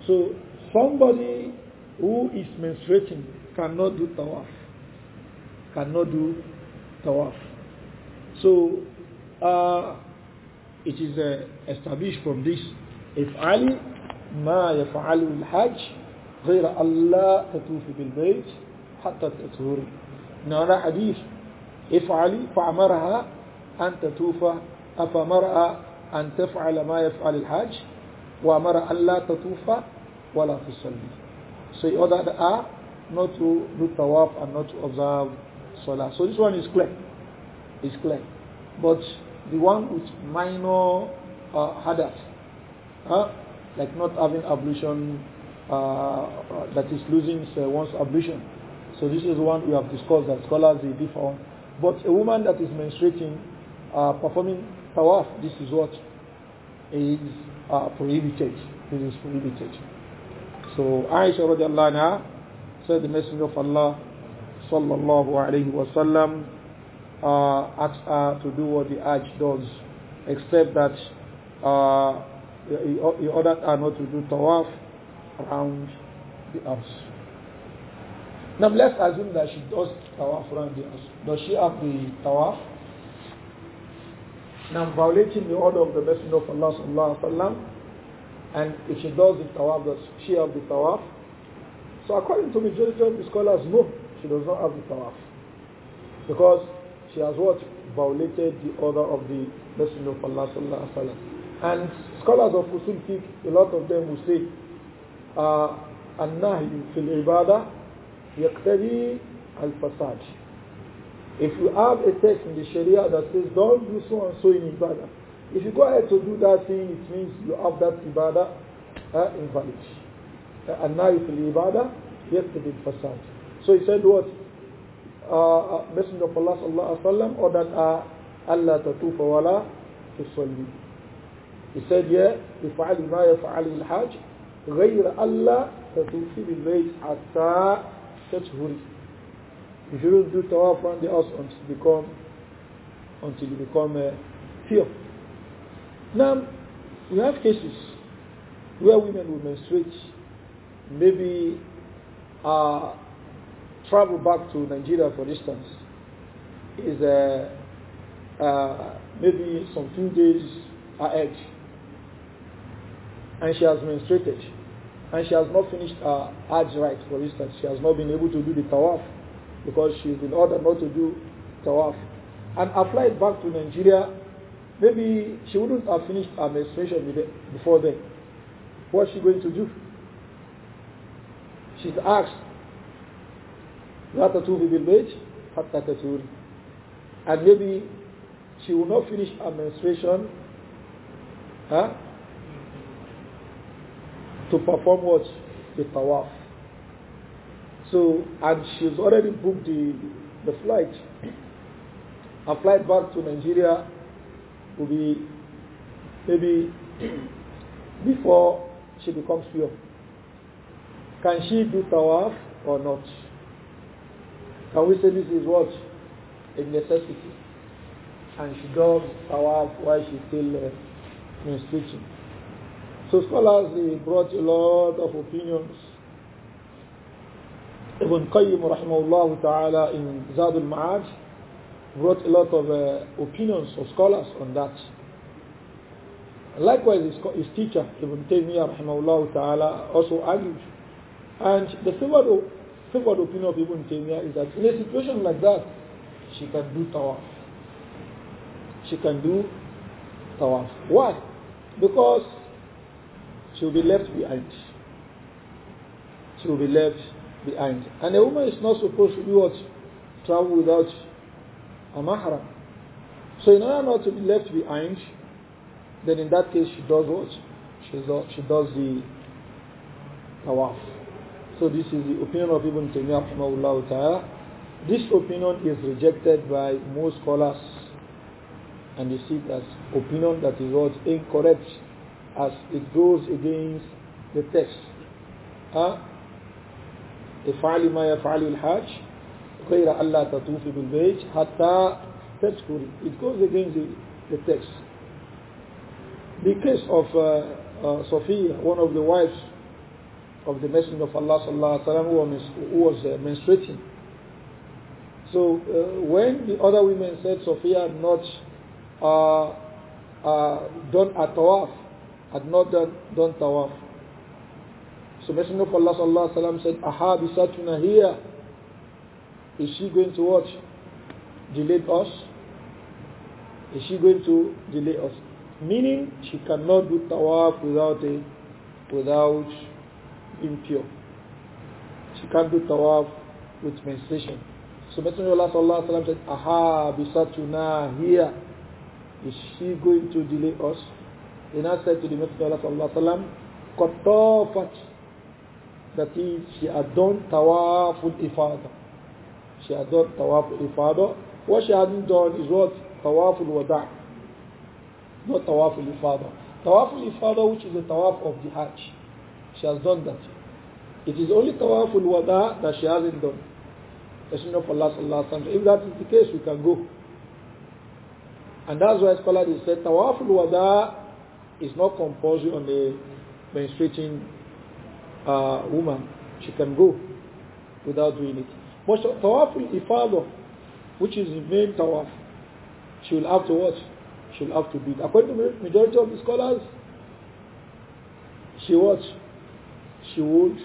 So somebody who is menstruating cannot do tawaf. Cannot do tawaf. So, uh, it is uh, established from this. If Ali ما يفعل haj غير الله تطوف بالبيت حتى تطهر إنه هذا حديث افعل فأمرها أن تطوف أفمرأ أن تفعل ما يفعل الحج وأمر أن لا تطوف ولا تصلي so you order the A uh, not to do tawaf and not to observe salah so this one is clear is clear but the one with minor uh, huh? like not having ablution, uh, uh that is losing uh, one's ablution. So this is one we have discussed that scholars they differ on. But a woman that is menstruating, uh, performing tawaf, this is what is uh, prohibited. This is prohibited. So Aisha radiallahu anha said the Messenger of Allah sallallahu alayhi wa sallam uh, ask her to do what the Hajj does, except that uh, he, he ordered her not to do tawaf around the house. Now let's assume that she does tawaf around the house. Does she have the tawaf? Now violating the order of the Messenger of Allah sallallahu alaihi wasallam, and if she does the tawaf, does she have the tawaf? So according to majority of the scholars, no, she does not have the tawaf. Because she has what? Violated the order of the Messenger of Allah sallallahu alaihi wasallam. And scholars of Usul Fiqh, a lot of them will say, uh, fil في yaktabi al fasad." If you have a text in the Sharia that says don't do so and so in ibadah, if you go ahead to do that thing, it means you have that ibadah uh, invalid. Uh, fil في yaktabi al fasad. So he said what? Uh, uh, Messenger of Allah sallallahu alaihi wasallam or that are uh, Allah tatufa wala tusalli. He said here, يفعل ما يفعل الحاج غير ألا تطوفي بالبيت حتى تطهري. You shouldn't do tawaf around the house until you become until you become uh, pure. Now, we have cases where women will menstruate, maybe uh, travel back to Nigeria, for instance, is uh, uh, maybe some few days ahead. And she has menstruated. And she has not finished her Hajj right, for instance. She has not been able to do the tawaf because she's been ordered not to do tawaf. And applied back to Nigeria, maybe she wouldn't have finished her menstruation before then. What's she going to do? She's asked لا تطوفي بالبيت and maybe she will not finish her menstruation huh, to perform what the tawaf so and she's already booked the the flight her flight back to Nigeria will be maybe before she becomes pure can she do tawaf or not can we say this is what? A necessity. And she does power while she's still uh, teaching. So scholars they brought a lot of opinions. Ibn Qayyim rahimahullah ta'ala in Zadul Ma'aj brought a lot of uh, opinions of scholars on that. Likewise, his, his teacher, Ibn Taymiyyah rahimahullah ta'ala, also argued. And the favored the opinion of people in Kenya is that in a situation like that, she can do tawaf. She can do tawaf. Why? Because she will be left behind. She will be left behind. And a woman is not supposed to do what? Travel without a mahram. So in order not to be left behind, then in that case she does what? She does, she does the tawaf. So this is the opinion of Ibn Taymiyyah ta'ala. This opinion is rejected by most scholars and you see that as opinion that is what incorrect as it goes against the text. Huh? ما يفعل الحاج غير ألا تطوفي بالبيت حتى تذكري. It goes against the, the text. The case of uh, uh, Sophia, one of the wives of the Messenger of Allah sallallahu alaihi wasallam who was uh, menstruating. So uh, when the other women said Sophia had not uh, uh, done a tawaf, had not done, done tawaf, so Messenger of Allah sallallahu alaihi wasallam said, "Aha, bisatuna here. Is she going to watch? Delay us? Is she going to delay us? Meaning she cannot do tawaf without a, without impure. She can't do tawaf with menstruation. So Messenger of Allah sallam, said, Aha, bisatuna here. Is she going to delay us? Then I said to the Messenger of Allah "Kotofat Qatafat. That is, she had done tawaf the father. She had done tawaf the father. What she hadn't done is what? Tawaf wada. Not tawaf the father. Tawaf the father, which is the tawaf of the Hajj. She has done that. It is only tawaful wada that she hasn't done. Messenger of Allah sallallahu alaihi If that is the case, we can go. And that's why scholars said tawaful wada is not compulsory on the menstruating uh, woman. She can go without doing it. But tawaful ifadah, which is the main tawaf, she will have to watch. She will have to be. According to majority of the scholars, she watched she would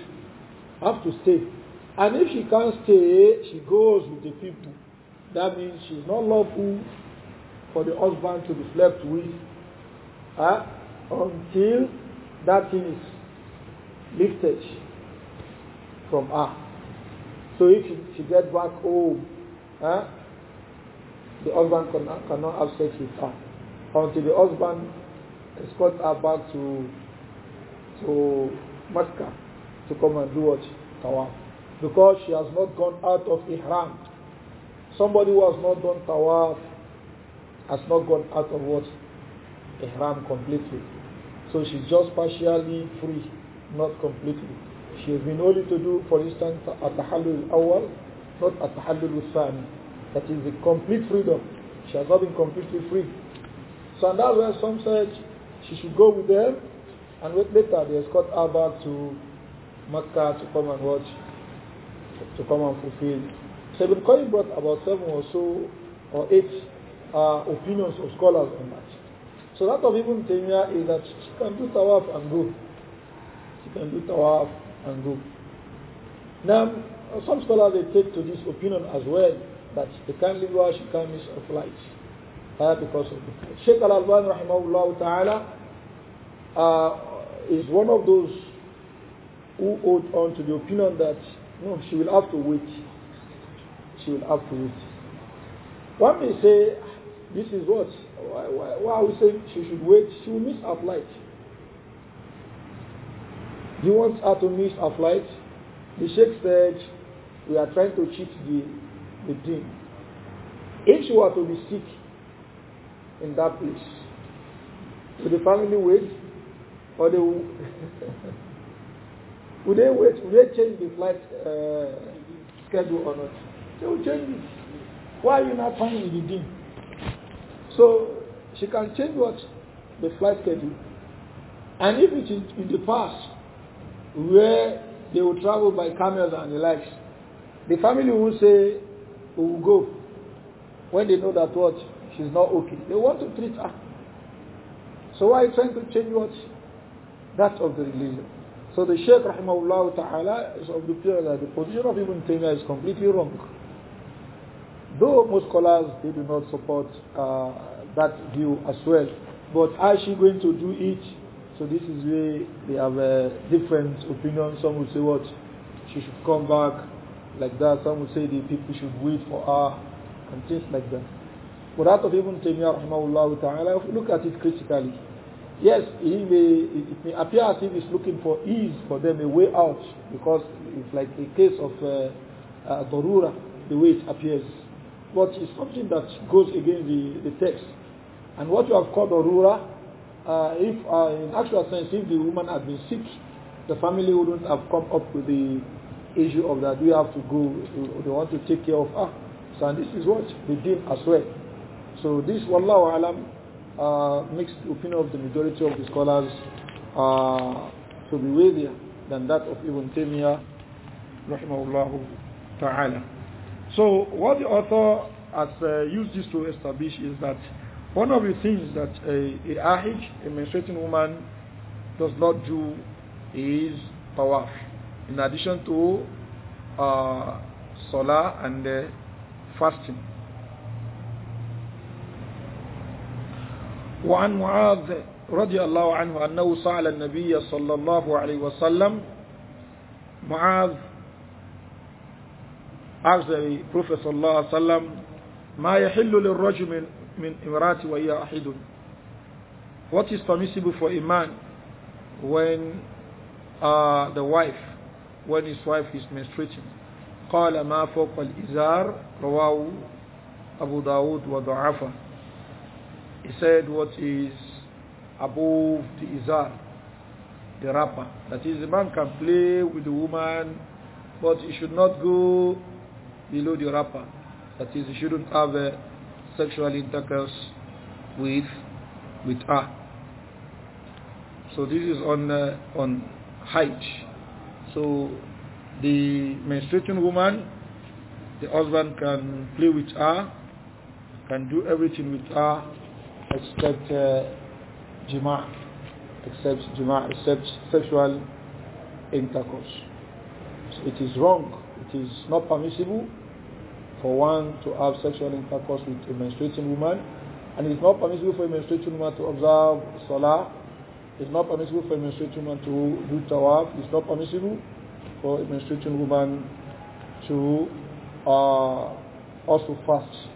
have to stay. And if she can't stay, she goes with the people. That means she's not lawful for the husband to be slept with huh? until that thing is lifted from her. So if she gets back home, huh? the husband cannot, cannot have sex with her until the husband escorts her back to to Mecca to come and do what? Tawaf. Because she has not gone out of Ihram. Somebody who has not done Tawaf has not gone out of what? Ihram completely. So she's just partially free, not completely. She has been only to do, for instance, at the Awal, not at the Thani. That is the complete freedom. She has not been completely free. So and that's why some said she should go with them and later they escort her back to Mecca to come and watch, to come and fulfill. So Ibn Qayyim brought about seven or so, or eight uh, opinions of scholars on that. So that of Ibn Taymiyyah is that she can do tawaf and go. She can do tawaf and go. Now, some scholars they take to this opinion as well that they can't leave her, she can't miss a flight uh, because of the Sheikh Al Albani, rahimahullah ta'ala, uh, is one of those who hold on to the opinion that no, she will have to wait. She will have to wait. One may say, this is what? Why, why, why are we saying she should wait? She will miss her flight. You want her to miss her flight? The Sheikh said, we are trying to cheat the, the deen. If she were to be sick in that place, would the family wait? Or they will, will they wait? Will they change the flight uh, schedule or not? They will change it. Why are you not coming with the dean? So she can change what the flight schedule. And if it is in the past where they will travel by camels and the likes, the family will say, we will go. When they know that what, she's not okay. They want to treat her. So why are you trying to change what? That of the religion. So the Shaykh rahimahullah ta'ala is of the opinion that the position of Ibn Taymiyyah is completely wrong. Though most scholars, they do not support uh, that view as well. But are she going to do it? So this is where they have a uh, different opinions. Some would say what? She should come back like that. Some would say the people should wait for her and things like that. But out of Ibn Taymiyyah, rahimahullah ta'ala, if you look at it critically, Yes, he may, it may appear as if he's looking for ease for them, a way out, because it's like a case of uh, uh, the way it appears. But it's something that goes against the, the text. And what you have called Dorura, uh, if uh, in actual sense, if the woman had been sick, the family wouldn't have come up with the issue of that. We have to go, uh, they want to take care of her. So, and this is what they did as well. So this, wallahu alam, uh, mixed opinion of the majority of the scholars uh, to be weightier than that of Ibn Taymiyyah rahimahullah ta'ala. So what the author has uh, used this to establish is that one of the things that a, a ahij, a menstruating woman, does not do is tawaf. In addition to uh, salah and uh, fasting. وعن معاذ رضي الله عنه أنه سأل النبي صلى الله عليه وسلم معاذ عز the صلى الله عليه وسلم ما يحل للرجل من, من امرأة وهي أحد What is permissible for a man when uh, the wife when his wife is menstruating قال ما فوق الإزار رواه أبو داود وضعفه He said what is above the izar, the wrapper. That is, the man can play with the woman, but he should not go below the wrapper. That is, he shouldn't have sexual intercourse with with her. So this is on uh, on height. So the menstruating woman, the husband can play with her, can do everything with her, Accept uh, jima' except jima' except sexual intercourse it is wrong it is not permissible for one to have sexual intercourse with a menstruating woman and it's not permissible for a menstruating woman to observe salah it's not permissible for a menstruating woman to do tawaf it's not permissible for a menstruating woman to uh, also fast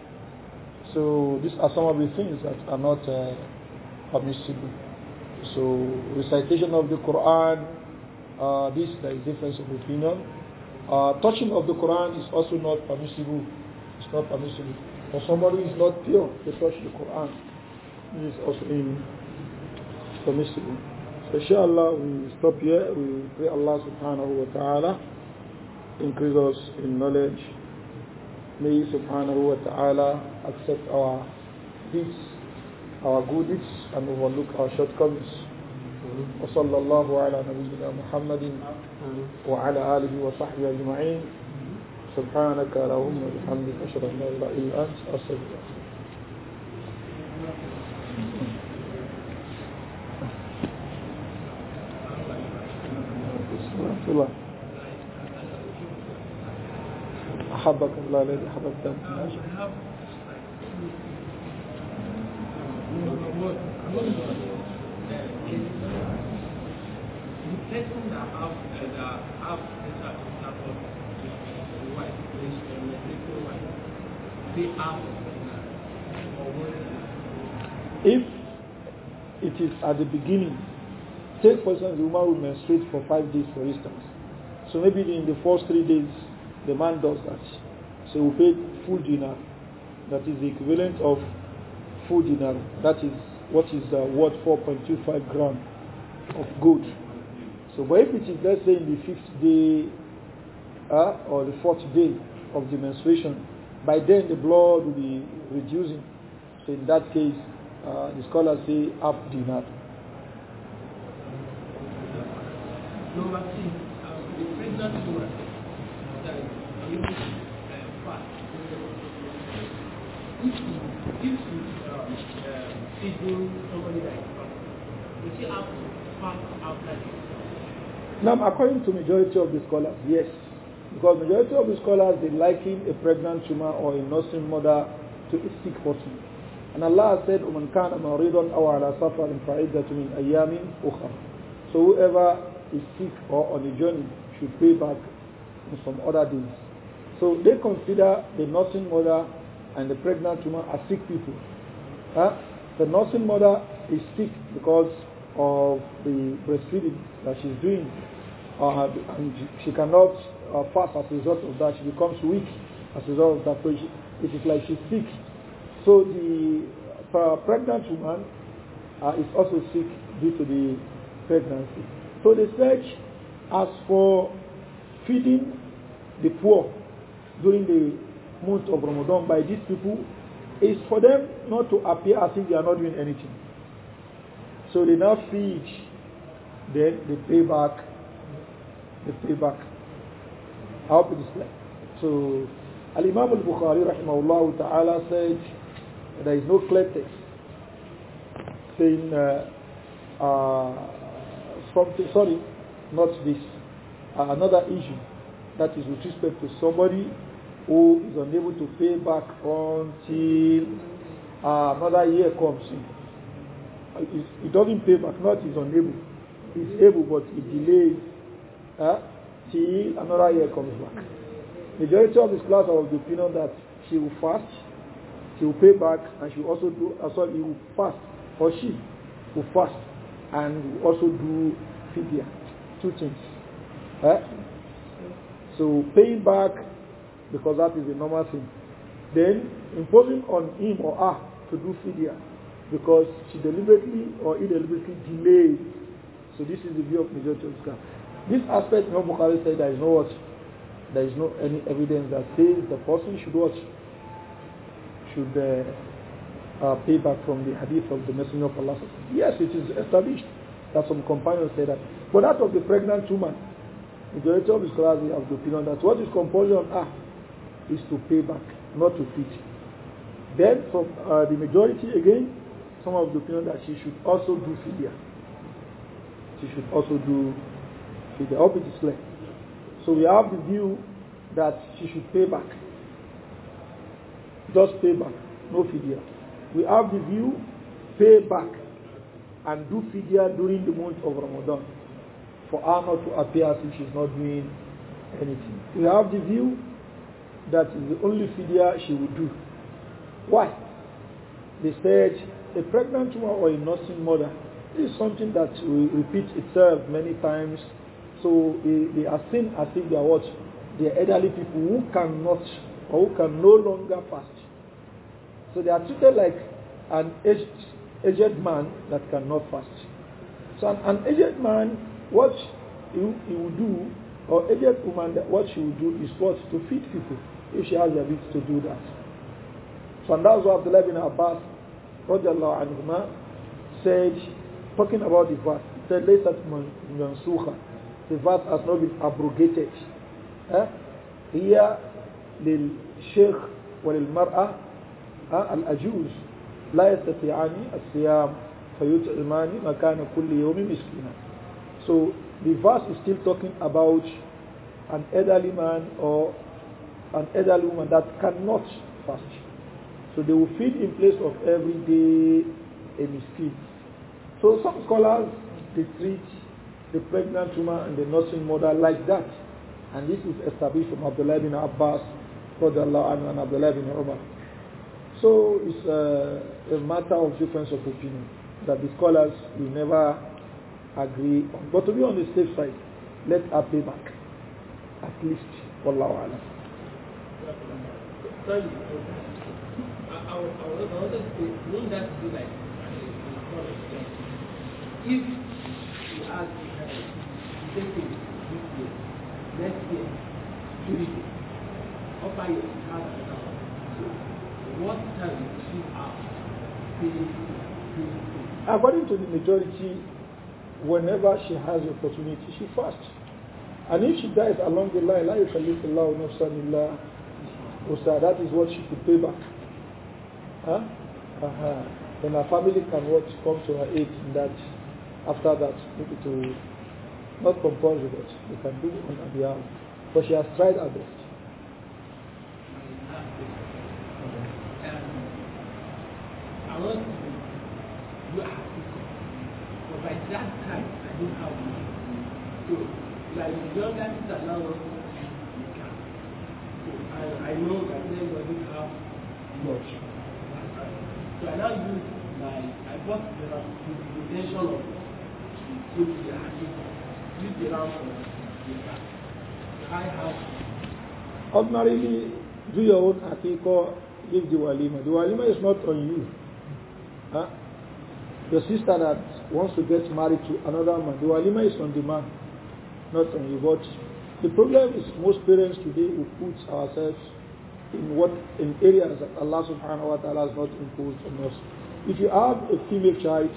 so these are some of the things that are not uh, permissible. So recitation of the Quran, uh, this there is difference of opinion. Uh, touching of the Quran is also not permissible. It's not permissible for somebody who is not pure to touch the Quran. This is also impermissible. So inshallah we stop here. We pray Allah subhanahu wa taala increase us in knowledge. May you subhanahu wa ta'ala accept our deeds, our good deeds, and overlook our shortcomings. Wa sallallahu ala nabiyyina Muhammadin wa ala alihi wa sahbihi ajma'in. سبحانك اللهم وبحمدك اشهد ان لا اله الا انت استغفرك الله احبك الله عليه If it is at the beginning, take for instance the woman will menstruate for five days for instance. So maybe in the first three days the man does that. So we paid full dinar. That is the equivalent of full dinar. That is what is uh, worth 4.25 gram of gold. So, but if it is, let's say, in the fifth day uh, or the fourth day of the menstruation, by then the blood will be reducing. So in that case, uh, the scholars say half dinar. Number six, uh, the pregnant woman. Now, according to majority of the scholars, yes. Because majority of the scholars, they liken a pregnant woman or a nursing mother to a sick person. And Allah said, وَمَنْ كَانَ مَرِيضًا أَوْ عَلَى سَفَرٍ فَعِدَّةٌ مِنْ أَيَّامٍ أُخَرٍ So whoever is sick or on a journey should pay back from some other days. So they consider the nursing mother and the pregnant woman are sick people. Huh? The nursing mother is sick because of the breastfeeding that she's doing. Uh, and she cannot uh, fast as a result of that. She becomes weak as a result of that. So she, it is like she's sick. So the uh, pregnant woman uh, is also sick due to the pregnancy. So the search as for feeding the poor during the month of Ramadan by these people is for them not to appear as if they are not doing anything. So they now feed, then they pay back, they pay back. I hope it is clear. So Al-Imam al-Bukhari rahimahullah ta'ala said there is no clear text saying uh, uh, something, sorry, not this, uh, another issue that is with respect to somebody who is unable to pay back until another year comes in. He doesn't pay back, not he's unable. He's able, but he delays uh, till another year comes back. Majority of this class are of the opinion that she will fast, she will pay back, and she will also do, as uh, he will fast, or she will fast, and will also do fidya. Two things. Uh, so paying back because that is the normal thing. Then imposing on him or her to do fidya because she deliberately or deliberately delayed. So this is the view of majority of scholars. This aspect, Imam Bukhari said there is no what? There is no any evidence that says the person should watch, should uh, uh, pay back from the hadith of the Messenger of Allah. Yes, it is established that some companions say that. But that of the pregnant woman, majority of the scholars have the opinion that what is compulsion on ah, is to pay back, not to teach. Then from uh, the majority again, some of the opinion that she should also do fidya. She should also do fidya. Hope it is clear. So we have the view that she should pay back. Just pay back, no fidya. We have the view, pay back and do fidya during the month of Ramadan for her not to appear as if she's not doing anything. We have the view, that is the only fidya she will do. Why? They said a pregnant woman or a nursing mother is something that will repeat itself many times. So they, they are seen as if they are what? They are elderly people who cannot or who can no longer fast. So they are treated like an aged, aged man that cannot fast. So an, an aged man, what he, he will do, or aged woman, what she will do is what? To feed people if she has the ability to do that. So and that's why Abdullah bin Abbas anhuma, said, talking about the verse, he said, later, mansukha. The verse has not been abrogated. Here, the sheikh or the وللمرأة الأجوز لا يستطيعان الصيام فيطعمان مكان كل يوم مسكينا So the verse is still talking about an elderly man or an elderly woman that cannot fast. So they will feed in place of every day a miskin. So some scholars, they treat the pregnant woman and the nursing mother like that. And this is established from Abdullah bin Abbas anhu, and Abdullah bin Umar. So it's a, uh, a matter of difference of opinion that the scholars will never agree on. But to be on the safe side, let us pay back. At least, Wallahu Alam. saw you I, I, I wanted to wouldn't that be like uh, if you ask take it this year, next year, two years, or five years, half an hour, what time you should ask? According to the majority, whenever she has the opportunity, she fasts. And if she dies along the line, لا يكلف الله Usa, that is what she could pay back. Huh? Uh-huh. Then her family can what come to her aid in that after that maybe to not compulsory but they can do it on her behalf. But she has tried her best. because there are interpretation of so the hadith, use the house. Ordinarily, do your own akiko, Give the walima. The walima is not on you. Huh? The sister that wants to get married to another man, the walima is on the man, not on you. But the problem is most parents today who put ourselves in what in areas that Allah subhanahu wa ta'ala has not imposed on us. If you have a female child,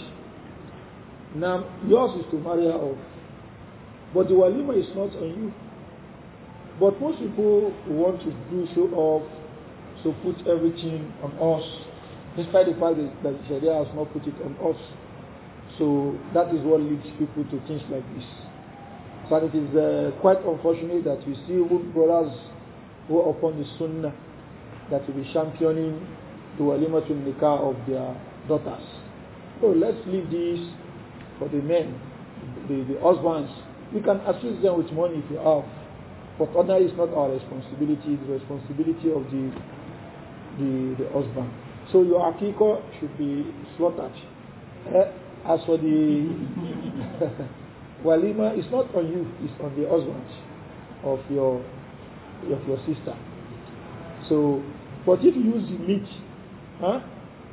now yours is to marry her off. But the walima is not on you. But most people want to do show off, so put everything on us, despite the fact that, the Sharia has not put it on us. So that is what leads people to things like this. And it is uh, quite unfortunate that we see good brothers who are upon the sunnah that will be championing the walima to car of their daughters. So let's leave this for the men, the, the husbands. We can assist them with money if you have. But honor is not our responsibility, it's the responsibility of the, the, the husband. So your akiko should be slaughtered. Eh, as for the walima, it's not on you, it's on the husband of your of your sister. So, but if you use the meat, huh?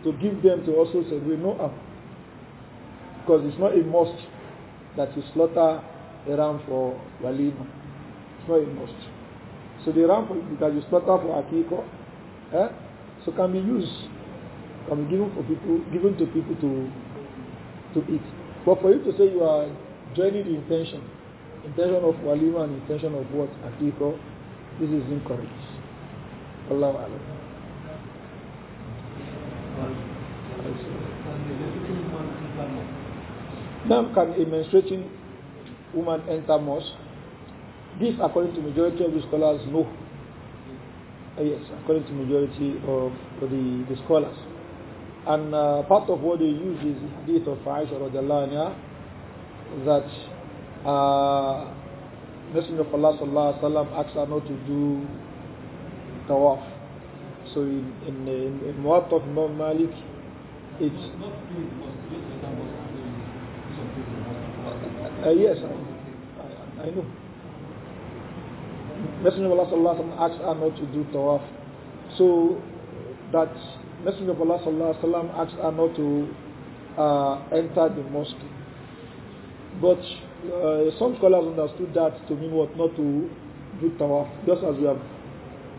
to give them to also say we know am because it's not a must that you slaughter a ram for walima. It's not a must. So the ram that you slaughter for akiko, eh? so can be used, can be given for people, given to people to to eat. But for you to say you are joining the intention, intention of walima and intention of what akiko, this is incorrect. Allah Allah. Now, can a menstruating woman enter mosque? This, according to majority of the scholars, no. Uh, yes, according to majority of the, the scholars. And uh, part of what they use is the hadith of Aisha radiallahu that uh, Messenger of Allah sallallahu alayhi asked her not to do tawaf so in, in, in of Imam Malik, it's... Uh, yes, I, I, I know. Messenger of Allah sallam, asked her not to do tawaf. So that Messenger of Allah sallallahu sallam, asked her not to uh, enter the mosque. But uh, some scholars understood that to mean what? Not to do tawaf, just as we have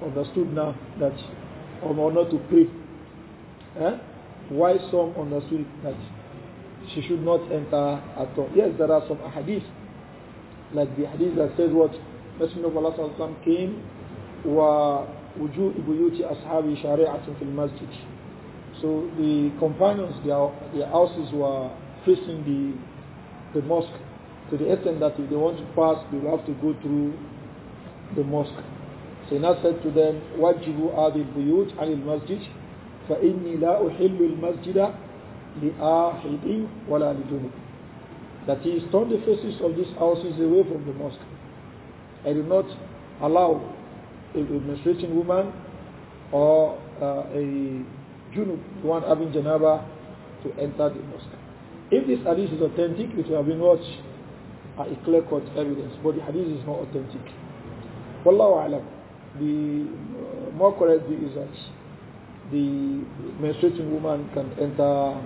understood now that or not to pray. Eh? Why some understood that she should not enter at all. Yes, there are some hadith, like the hadith that says what Messenger of Allah came wa wuju ibuyuti ashabi shari'atun fil masjid. So the companions, their, their houses were facing the, the mosque to the extent that if they want to pass, they will have to go through the mosque. So he said to them, وَجِّبُوا هَذِي الْبُيُوتِ عَنِ الْمَسْجِدِ فَإِنِّي لَا أُحِلُّ الْمَسْجِدَ لِآحِدٍ وَلَا لِجُنُبٍ That he turned the faces of these houses away from the mosque. I do not allow a, a menstruating woman or uh, a junub, the one having janaba, to enter the mosque. If this hadith is authentic, it will have been watched a clear-cut evidence, but the hadith is not authentic. Wallahu alam the uh, more correct view is that the menstruating woman can enter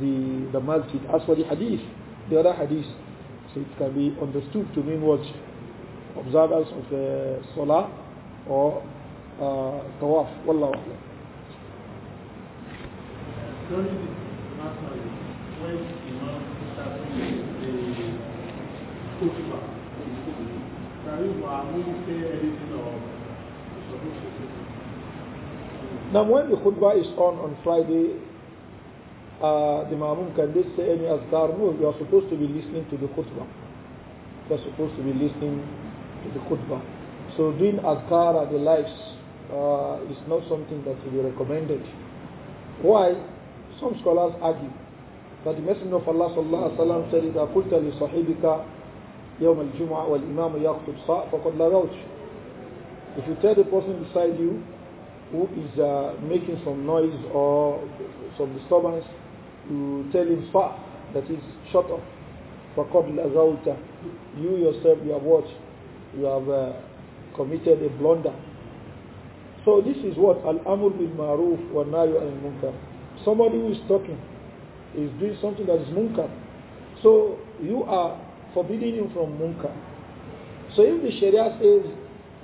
the the masjid. As for the hadith, the other hadith, so it can be understood to mean what observers of the salah or uh, tawaf. Now, when the khutbah is on on Friday, uh, the Ma'amun can they say any azkar? No, you are supposed to be listening to the khutbah. You are supposed to be listening to the khutbah. So doing azkar at the likes uh, is not something that will be recommended. Why? Some scholars argue that the Messenger of Allah sallallahu alaihi wasallam said, "If I put يوم الجمعة والإمام يخطب صاع فقد لغوت If you tell the person beside you who is uh, making some noise or some disturbance, you tell him صاع that is shut up فقد لغوت You yourself you have watched, You have uh, committed a blunder. So this is what al-amr bil maruf wa nahy anil munkar. Somebody who is talking is doing something that is munkar. So you are forbidding you from munkar. So if the Sharia says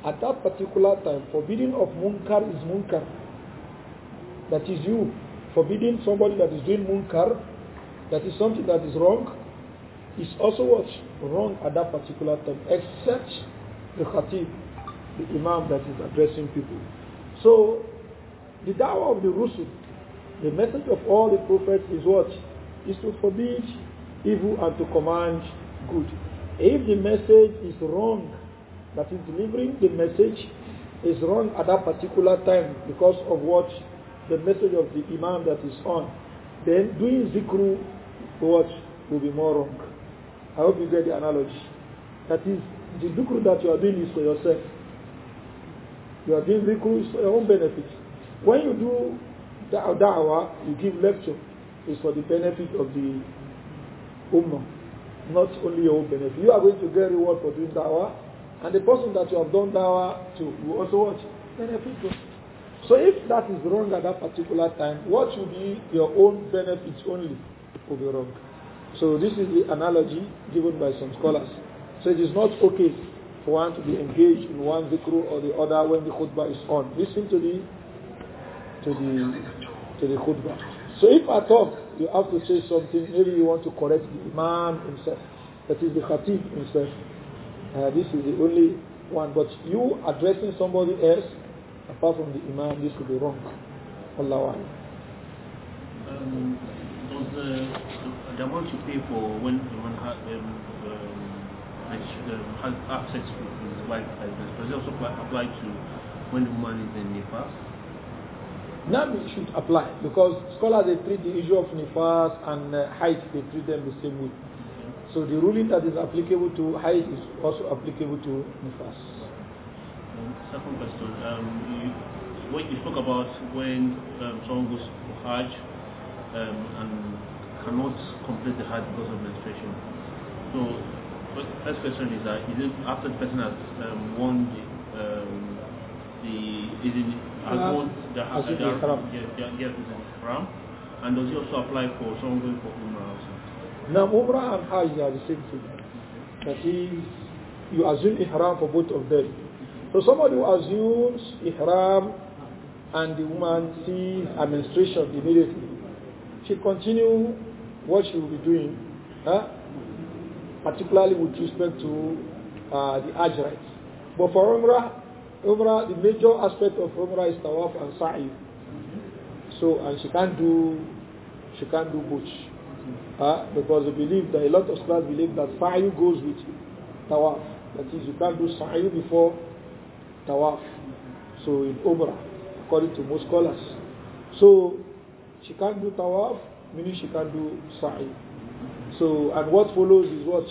at that particular time forbidding of munkar is munkar, that is you forbidding somebody that is doing munkar, that is something that is wrong, is also what's wrong at that particular time, except the khatib, the imam that is addressing people. So the dawah of the rusul, the message of all the prophets is what? Is to forbid evil and to command Good. If the message is wrong, that is delivering the message is wrong at that particular time because of what the message of the imam that is on, then doing zikru what will be more wrong. I hope you get the analogy. That is, the zikru that you are doing is for yourself. You are doing zikru for your own benefit. When you do da'wah, you give lecture, it's for the benefit of the ummah not only your own benefit. You are going to get reward for doing dawah, and the person that you have done dawah to will also watch Benefit from. So if that is wrong at that particular time, what will be your own benefit only will be wrong. So this is the analogy given by some scholars. So it is not okay for one to be engaged in one zikr or the other when the khutbah is on. Listen to the to the to the khutbah. So if at all you have to say something, maybe you want to correct the Imam himself, that is the Khatib himself. Uh, this is the only one. But you addressing somebody else apart from the Imam, this would be wrong. Allah um, does the, the amount you pay for when the man um, um, has, um, um, has access to his wife, does it also apply to when the woman is in Nepal? Now it should apply because scholars they treat the issue of nifas and uh, height they treat them the same way. So the ruling that is applicable to height is also applicable to nifas. Um, second question: um, you, you spoke about when um, someone goes to Hajj um, and cannot complete the Hajj because of menstruation, so first question is that is it after the person has um, won the, um, the easily ah. as one that has a yes, Ram. And does he also apply for someone going for Umrah also? Now Umrah and Hajj are the same thing. That is, you assume Ihram for both of them. So somebody who assumes Ihram and the woman sees her menstruation immediately, she continue what she will be doing, huh? particularly with respect to uh, the Hajj rites. But for Umrah, Umrah, the major aspect of Umrah is Tawaf and Sa'i. So, and she can't do, she can't do both. Uh, because they believe that a lot of scholars believe that Sa'i goes with Tawaf. That is, you can't do Sa'i before Tawaf. Mm-hmm. So in Umrah, according to most scholars. So, she can't do Tawaf, meaning she can't do Sa'i. Mm-hmm. So, and what follows is what?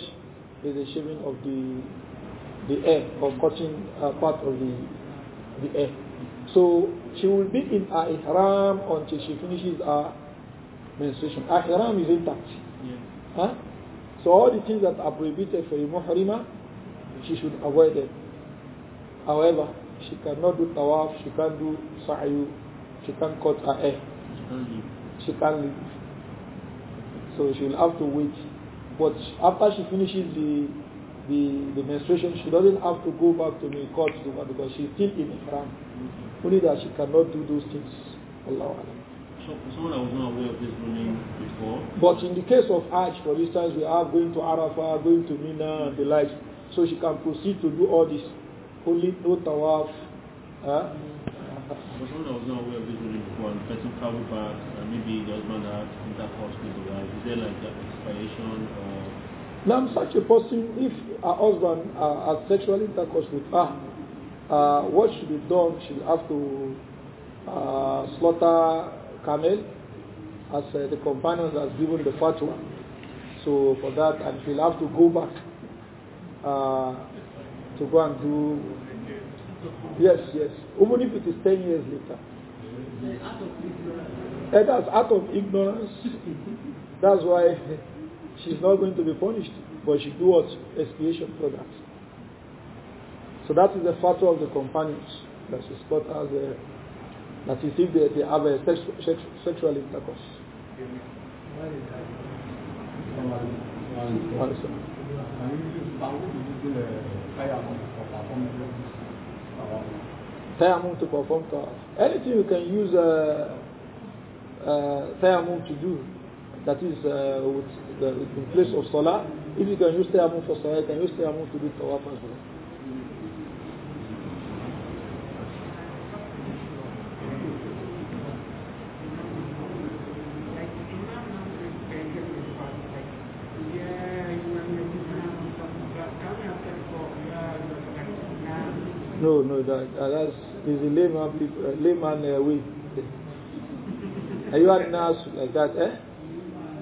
Is the shaving of the the air or cutting part of the, the hair. So she will be in ihram until she finishes her menstruation. ihram is intact. Yeah. Huh? So all the things that are prohibited for a muhrima, she should avoid them. However, she cannot do tawaf, she can't do sa'yu, she can't cut her hair. She can't leave. So she will have to wait. But after she finishes the the, the menstruation, she doesn't have to go back to Mikot because she's still in Ihram. Only that she cannot do those things. Allah Allah. someone I was not aware of this ruling before. But in the case of Hajj, for instance, we are going to Arafah, going to Mina and the like. So she can proceed to do all this. Only no tawaf. Huh? But someone I was not aware of this ruling before, and the person traveled back, and uh, maybe the husband had intercourse with the wife. Is there like an expiration or now, such a person, if her husband uh, has sexual intercourse with her, uh, what should be done? She'll have to uh, slaughter camel, as uh, the companions has given the fatwa. So for that, and she'll have to go back uh, to go and do. Yes, yes. Even if it is ten years later. And that's out of ignorance. that's why she's not going to be punished, but she do what? Expiation for that. So that is the fatwa of the companions that is taught as a, that is if they, they have a sex, sex, sexual intercourse. Tayammum to perform tawaf. Anything you can use uh, uh, to do, that is uh, with the, in place of salah, if you can use tayammum for salah, you stay use tayammum to do tawaf as well. No, no, that, uh, that's is a layman, uh, layman uh, way. Are you us like that, eh?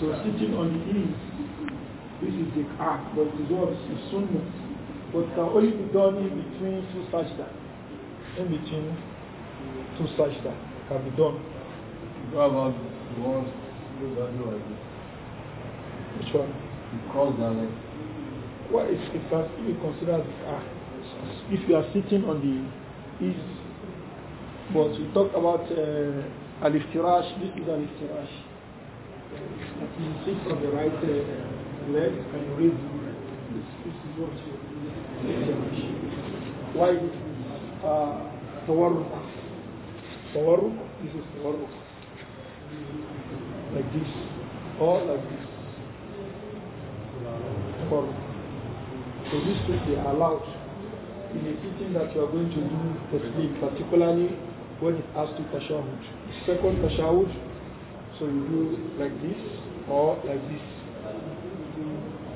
So sitting on the ease, this is the act, but it is what is sunnah. But it can only be done in between two sajda. In between two sajda can be done. What about the ones that are like this? Which one? You cross their leg. Well, it's, it's if you consider this act. If you are sitting on the ease, but we talked about uh, al-iftirash, this is al-iftirash you sit on the right uh, uh leg and you read this is what you why uh, tawarruk tawarruk this is tawarruk like this or like this tawarruk so these things they are allowed in a sitting that you are going to do the sleep particularly when it has to tashahud second tashahud so you do like this or like this.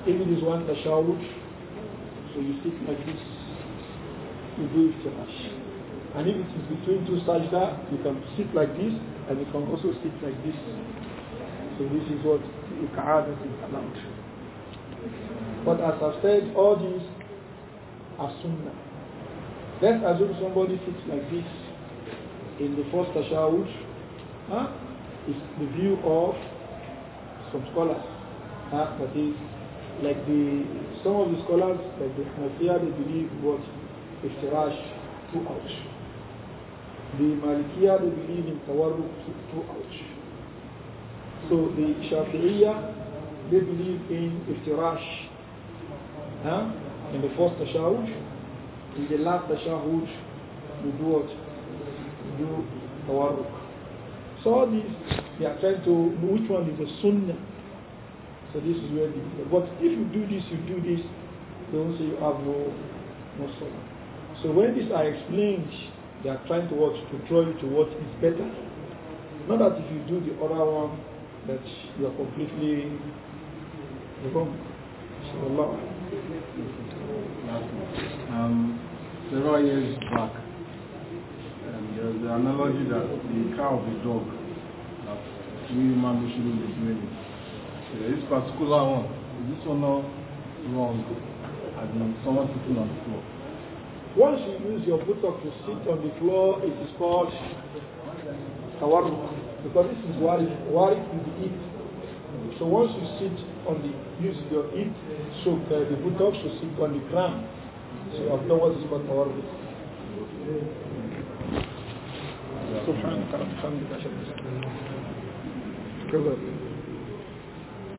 Even this one, the shawud, so you sit like this, you do it And if it is between two sajda, you can sit like this and you can also sit like this. So this is what Iqa'adat is allowed. But as I've said, all these are sunnah. Let's assume somebody sits like this in the first tashahud. Huh? is the view of some scholars. Uh, that is, like the some of the scholars, like the Hanafiya, they believe what iftirash two out. The Malikiya, they believe in tawarruk two out. So the Shafi'iya they believe in iftirash huh? in the first tashahud. In the last tashahud, you do what? You do tawarruk. So all these, they are trying to, which one is the sunnah? So this is where the, but if you do this, you do this, they will say you have no, no salah. So when these are explained, they are trying to what, to draw you to what is better. Not that if you do the other one, that you are completely wrong. So Allah. Um, several years back, there's the analogy that the car of the dog, that we human should be Uh, this particular one, is this one not wrong? I mean, someone sitting on the floor. Once you use your buttock to sit on the floor, it is called tawarru, because this is warif, warif with the hip. So once you sit on the, use your hip, so uh, the buttock should sit on the ground. So afterwards it's called tawarru. سبحانك رب الحمد لله